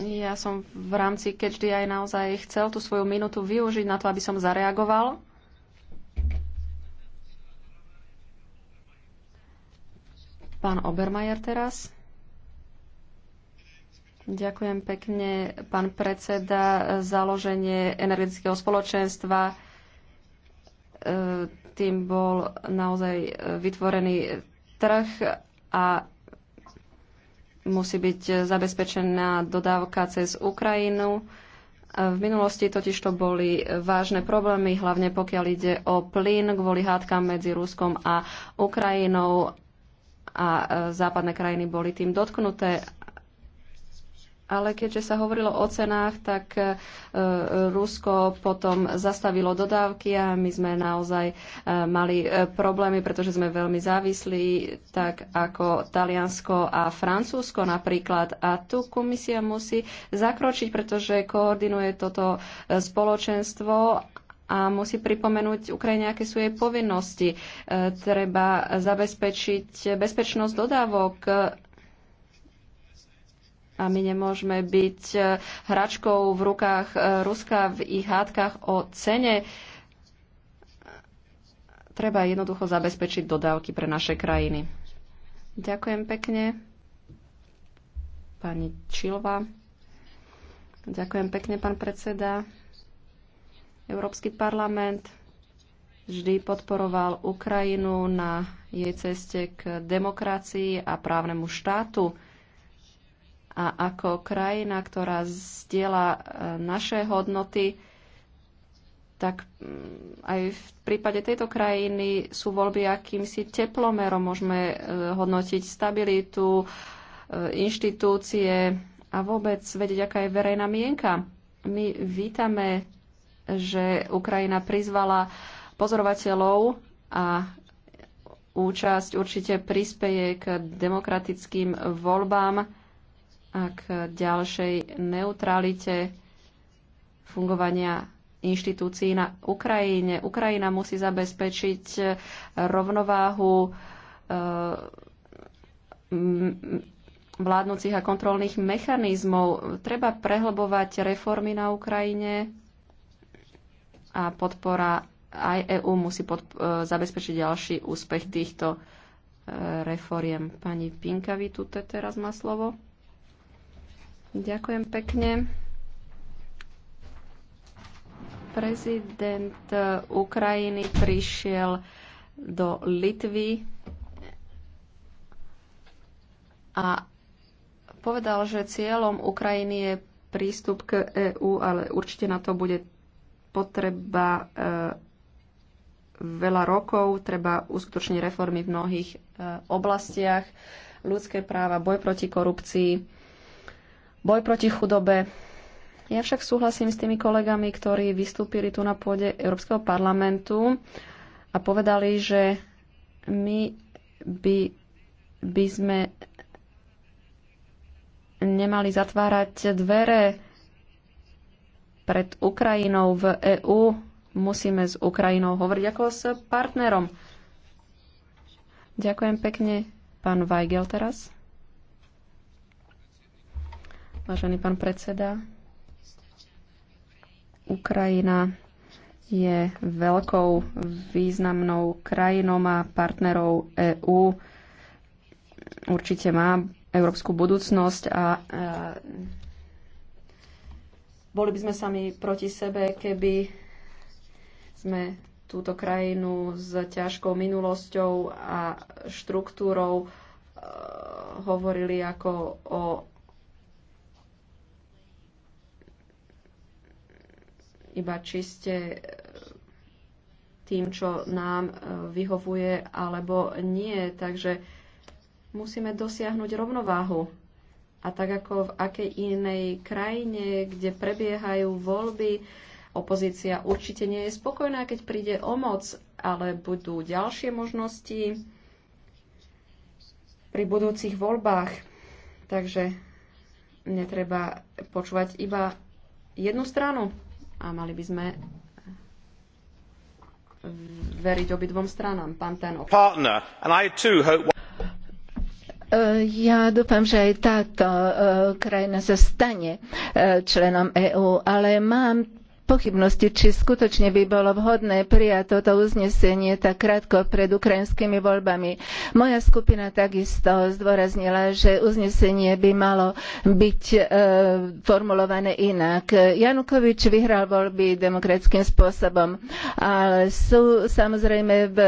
Ja som v rámci Catch aj naozaj chcel tú svoju minútu využiť na to, aby som zareagoval. Pán Obermajer teraz. Ďakujem pekne, pán predseda. Založenie energetického spoločenstva e, tým bol naozaj vytvorený trh a musí byť zabezpečená dodávka cez Ukrajinu. V minulosti totiž to boli vážne problémy, hlavne pokiaľ ide o plyn kvôli hádkam medzi Ruskom a Ukrajinou a e, západné krajiny boli tým dotknuté ale keďže sa hovorilo o cenách, tak e, e, Rusko potom zastavilo dodávky a my sme naozaj e, mali problémy, pretože sme veľmi závislí, tak ako Taliansko a Francúzsko napríklad. A tu komisia musí zakročiť, pretože koordinuje toto spoločenstvo a musí pripomenúť Ukrajine, aké sú jej povinnosti. Treba zabezpečiť bezpečnosť dodávok a my nemôžeme byť e, hračkou v rukách e, Ruska v ich hádkach o cene. Treba jednoducho zabezpečiť dodávky pre naše krajiny. Ďakujem pekne. Pani Čilva. Ďakujem pekne, pán predseda. Európsky parlament vždy podporoval Ukrajinu na jej ceste k demokracii a právnemu štátu a ako krajina, ktorá zdieľa e, naše hodnoty, tak mm, aj v prípade tejto krajiny sú voľby akýmsi teplomerom. Môžeme e, hodnotiť stabilitu, e, inštitúcie a vôbec vedieť, aká je verejná mienka. My vítame, že Ukrajina prizvala pozorovateľov a účasť určite prispeje k demokratickým voľbám a k ďalšej neutralite fungovania inštitúcií na Ukrajine. Ukrajina musí zabezpečiť e, rovnováhu e, vládnúcich a kontrolných mechanizmov. Treba prehlbovať reformy na Ukrajine a podpora aj EÚ musí e, zabezpečiť ďalší úspech týchto reforiem. Pani Pinkavi tu teraz má slovo. Ďakujem pekne. Prezident Ukrajiny prišiel do Litvy a povedal, že cieľom Ukrajiny je prístup k EÚ, ale určite na to bude potreba e, veľa rokov, treba uskutočniť reformy v mnohých e, oblastiach, ľudské práva, boj proti korupcii boj proti chudobe. Ja však súhlasím s tými kolegami, ktorí vystúpili tu na pôde Európskeho parlamentu a povedali, že my by, by sme nemali zatvárať dvere pred Ukrajinou v EÚ. Musíme s Ukrajinou hovoriť ako s partnerom. Ďakujem pekne. Pán Weigel teraz. Vážený pán predseda, Ukrajina je veľkou významnou krajinou a partnerov EÚ. Určite má európsku budúcnosť a, a boli by sme sami proti sebe, keby sme túto krajinu s ťažkou minulosťou a štruktúrou e, hovorili ako o iba čiste e, tým, čo nám e, vyhovuje alebo nie. Takže musíme dosiahnuť rovnováhu. A tak ako v akej inej krajine, kde prebiehajú voľby, opozícia určite nie je spokojná, keď príde o moc, ale budú ďalšie možnosti pri budúcich voľbách. Takže netreba počúvať iba jednu stranu a mali by sme eh, veriť obidvom stranám. Pán Tenok. Partner, and I too hope... Eh, ja dúfam, že aj táto eh, krajina sa stane členom EÚ, ale mám pochybnosti, či skutočne by bolo vhodné prijať toto uznesenie tak krátko pred ukrajinskými voľbami. Moja skupina takisto zdôraznila, že uznesenie by malo byť e, formulované inak. Janukovič vyhral voľby demokratickým spôsobom, ale sú samozrejme v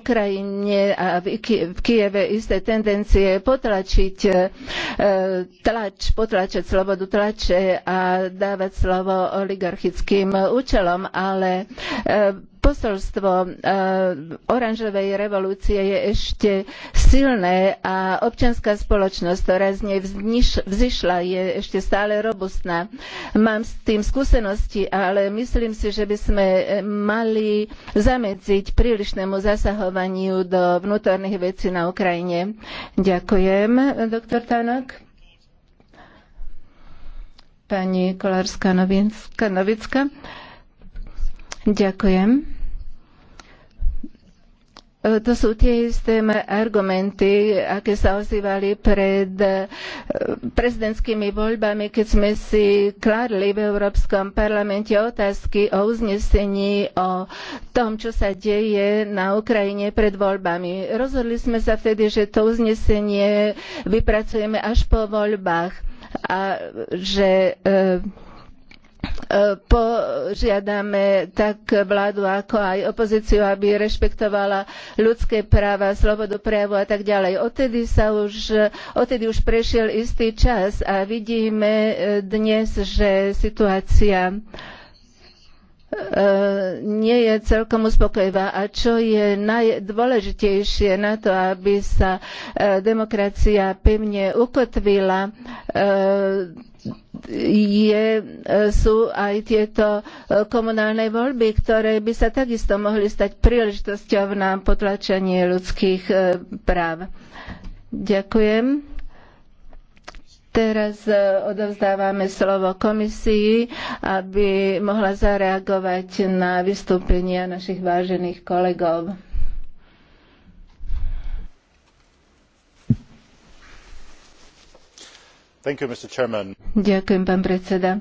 Ukrajine a v, Ky- v Kieve isté tendencie potlačiť e, tlač, potlačať slobodu tlače a dávať slovo oligarchickým politickým účelom, ale eh, posolstvo eh, oranžovej revolúcie je ešte silné a občianská spoločnosť, ktorá z nej vzýšla, je ešte stále robustná. Mám s tým skúsenosti, ale myslím si, že by sme eh, mali zamedziť prílišnému zasahovaniu do vnútorných vecí na Ukrajine. Ďakujem, doktor Tanok pani Kolárska-Novická. Ďakujem. E, to sú tie isté argumenty, aké sa ozývali pred e, prezidentskými voľbami, keď sme si kladli v Európskom parlamente otázky o uznesení o tom, čo sa deje na Ukrajine pred voľbami. Rozhodli sme sa vtedy, že to uznesenie vypracujeme až po voľbách a že e, e, požiadame tak vládu ako aj opozíciu, aby rešpektovala ľudské práva, slobodu prejavu a tak ďalej. Odtedy, sa už, odtedy už prešiel istý čas a vidíme e, dnes, že situácia E, nie je celkom uspokojivá. A čo je najdôležitejšie na to, aby sa e, demokracia pevne ukotvila, e, je, sú aj tieto komunálne voľby, ktoré by sa takisto mohli stať príležitosťou na potlačenie ľudských práv. Ďakujem. Teraz e, odovzdávame slovo komisii, aby mohla zareagovať na vystúpenia našich vážených kolegov. You, ďakujem, pán predseda.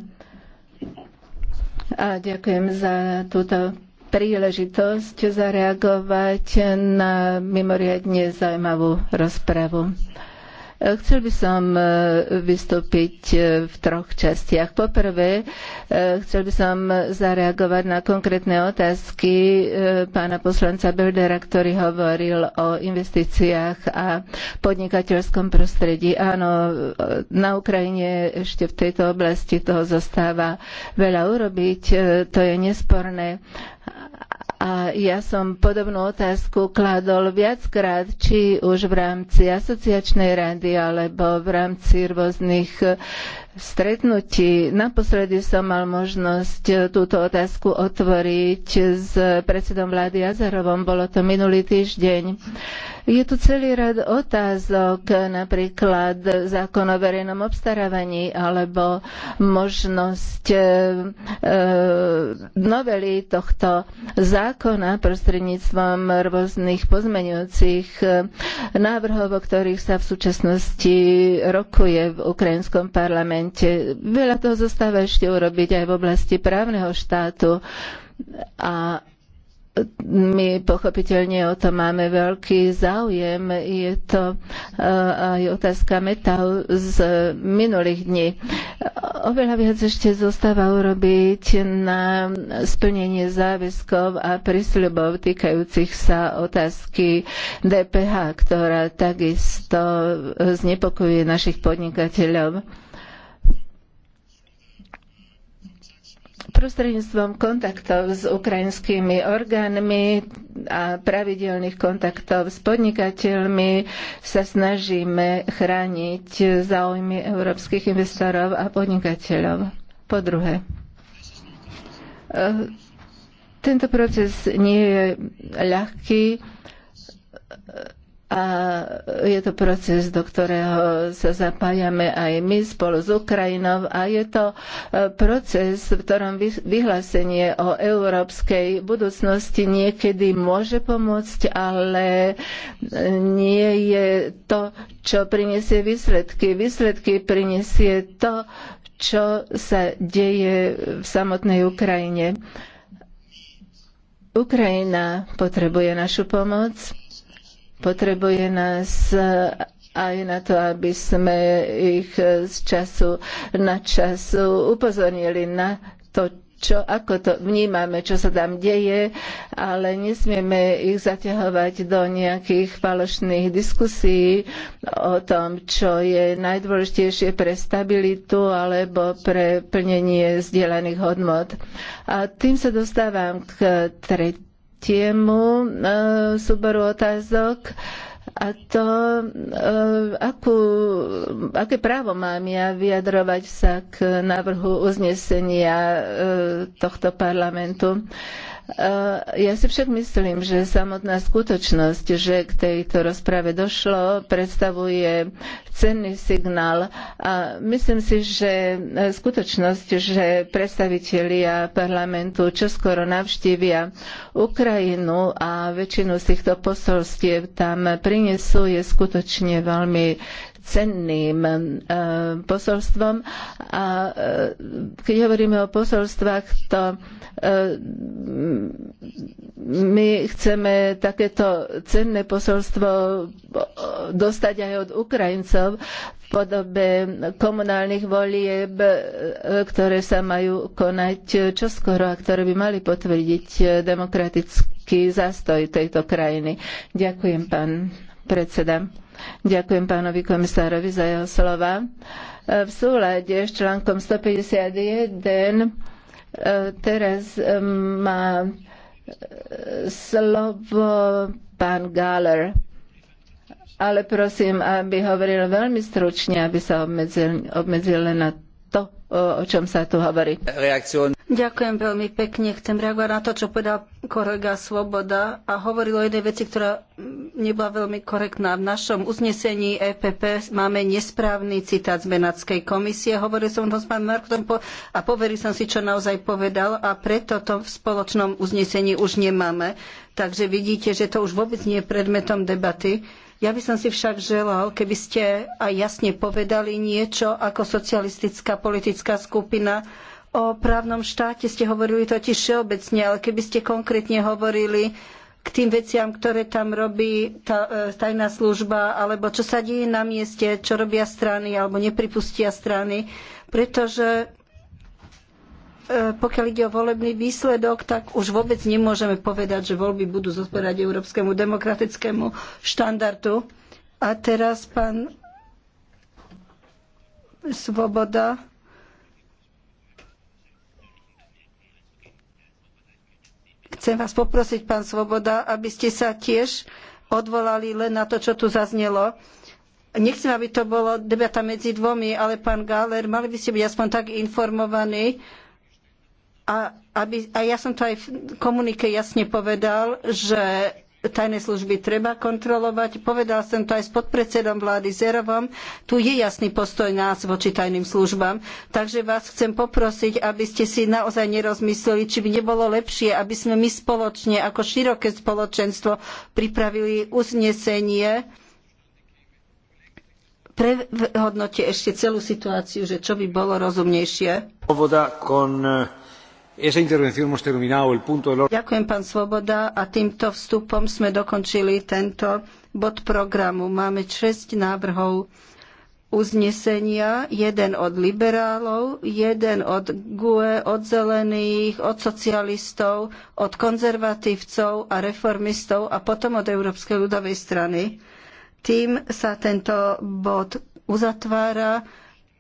A ďakujem za túto príležitosť zareagovať na mimoriadne zaujímavú rozpravu. Eh, chcel by som eh, vystúpiť eh, v troch častiach. Poprvé, chcel by som zareagovať na konkrétne otázky pána poslanca Beldera, ktorý hovoril o investíciách a podnikateľskom prostredí. Áno, na Ukrajine ešte v tejto oblasti toho zostáva veľa urobiť, to je nesporné a ja som podobnú otázku kladol viackrát, či už v rámci asociačnej rady alebo v rámci rôznych stretnutí. Naposledy som mal možnosť túto otázku otvoriť s predsedom vlády Azarovom. Bolo to minulý týždeň. Je tu celý rad otázok, napríklad zákon o verejnom obstarávaní alebo možnosť e, novely tohto zákona prostredníctvom rôznych pozmeňujúcich e, návrhov, o ktorých sa v súčasnosti rokuje v ukrajinskom parlamente parlamente. Veľa toho zostáva ešte urobiť aj v oblasti právneho štátu a my pochopiteľne o to máme veľký záujem. Je to e, aj otázka metal z minulých dní. Oveľa viac ešte zostáva urobiť na splnenie záväzkov a prísľubov týkajúcich sa otázky DPH, ktorá takisto znepokojuje našich podnikateľov. Prostredníctvom kontaktov s ukrajinskými orgánmi a pravidelných kontaktov s podnikateľmi sa snažíme chrániť záujmy európskych investorov a podnikateľov. Po druhé, eh, tento proces nie je ľahký a je to proces, do ktorého sa zapájame aj my spolu s Ukrajinou a je to e, proces, v ktorom vyhlásenie o európskej budúcnosti niekedy môže pomôcť, ale e, nie je to, čo prinesie výsledky. Výsledky prinesie to, čo sa deje v samotnej Ukrajine. Ukrajina potrebuje našu pomoc Potrebuje nás eh, aj na to, aby sme ich eh, z času na čas upozornili na to, čo, ako to vnímame, čo sa tam deje, ale nesmieme ich zaťahovať do nejakých falošných diskusí o tom, čo je najdôležitejšie pre stabilitu alebo pre plnenie zdieľaných hodnot. A tým sa dostávam k tretí tému e, súboru otázok a to, e, akú, aké právo mám ja vyjadrovať sa k návrhu uznesenia e, tohto parlamentu. Eh, ja si však myslím, že samotná skutočnosť, že k tejto rozprave došlo, predstavuje cenný signál a myslím si, že eh, skutočnosť, že predstavitelia parlamentu čoskoro navštívia Ukrajinu a väčšinu z týchto posolstiev tam prinesú, je skutočne veľmi cenným eh, posolstvom. A eh, keď hovoríme o posolstvách, to eh, my chceme takéto cenné posolstvo dostať aj od Ukrajincov v podobe komunálnych volieb, ktoré sa majú konať čoskoro a ktoré by mali potvrdiť demokratický zástoj tejto krajiny. Ďakujem, pán predseda. Ďakujem pánovi komisárovi za jeho slova. E, v súlade s článkom 151 e, teraz e, má slovo pán Galler. Ale prosím, aby hovoril veľmi stručne, aby sa obmedzil, obmedzil len na to, o čom sa tu hovorí. Reakcion. Ďakujem veľmi pekne. Chcem reagovať na to, čo povedal kolega Svoboda a hovoril o jednej veci, ktorá nebola veľmi korektná. V našom uznesení EPP máme nesprávny citát z Benátskej komisie. Hovoril som ho s pánom Markom a poveril som si, čo naozaj povedal a preto to v spoločnom uznesení už nemáme. Takže vidíte, že to už vôbec nie je predmetom debaty. Ja by som si však želal, keby ste aj jasne povedali niečo ako socialistická politická skupina o právnom štáte. Ste hovorili totiž všeobecne, ale keby ste konkrétne hovorili k tým veciam, ktoré tam robí tá, e, tajná služba, alebo čo sa deje na mieste, čo robia strany, alebo nepripustia strany, pretože E, pokiaľ ide o volebný výsledok, tak už vôbec nemôžeme povedať, že voľby budú zodpovedať európskemu demokratickému štandardu. A teraz pán Svoboda. Chcem vás poprosiť, pán Svoboda, aby ste sa tiež odvolali len na to, čo tu zaznelo. Nechcem, aby to bolo debata medzi dvomi, ale pán Gáler, mali by ste byť aspoň tak informovaní, a, aby, a ja som to aj v komunike jasne povedal, že tajné služby treba kontrolovať. Povedal som to aj s podpredsedom vlády Zerovom. Tu je jasný postoj nás voči tajným službám. Takže vás chcem poprosiť, aby ste si naozaj nerozmysleli, či by nebolo lepšie, aby sme my spoločne, ako široké spoločenstvo, pripravili uznesenie prehodnote ešte celú situáciu, že čo by bolo rozumnejšie. Povoda kon eh, Ďakujem, pán Svoboda. A týmto vstupom sme dokončili tento bod programu. Máme 6 návrhov uznesenia, jeden od liberálov, jeden od GUE, od zelených, od socialistov, od konzervatívcov a reformistov a potom od Európskej ľudovej strany. Tým sa tento bod uzatvára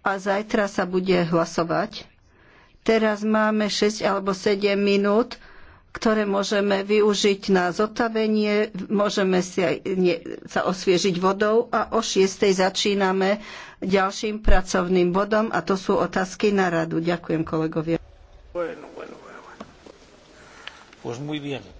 a zajtra sa bude hlasovať. Teraz máme 6 alebo 7 minút, ktoré môžeme využiť na zotavenie, môžeme si aj, nie, sa osviežiť vodou a o 6. začíname ďalším pracovným bodom a to sú otázky na radu. Ďakujem kolegovia. Bueno, bueno, bueno. Pues muy bien.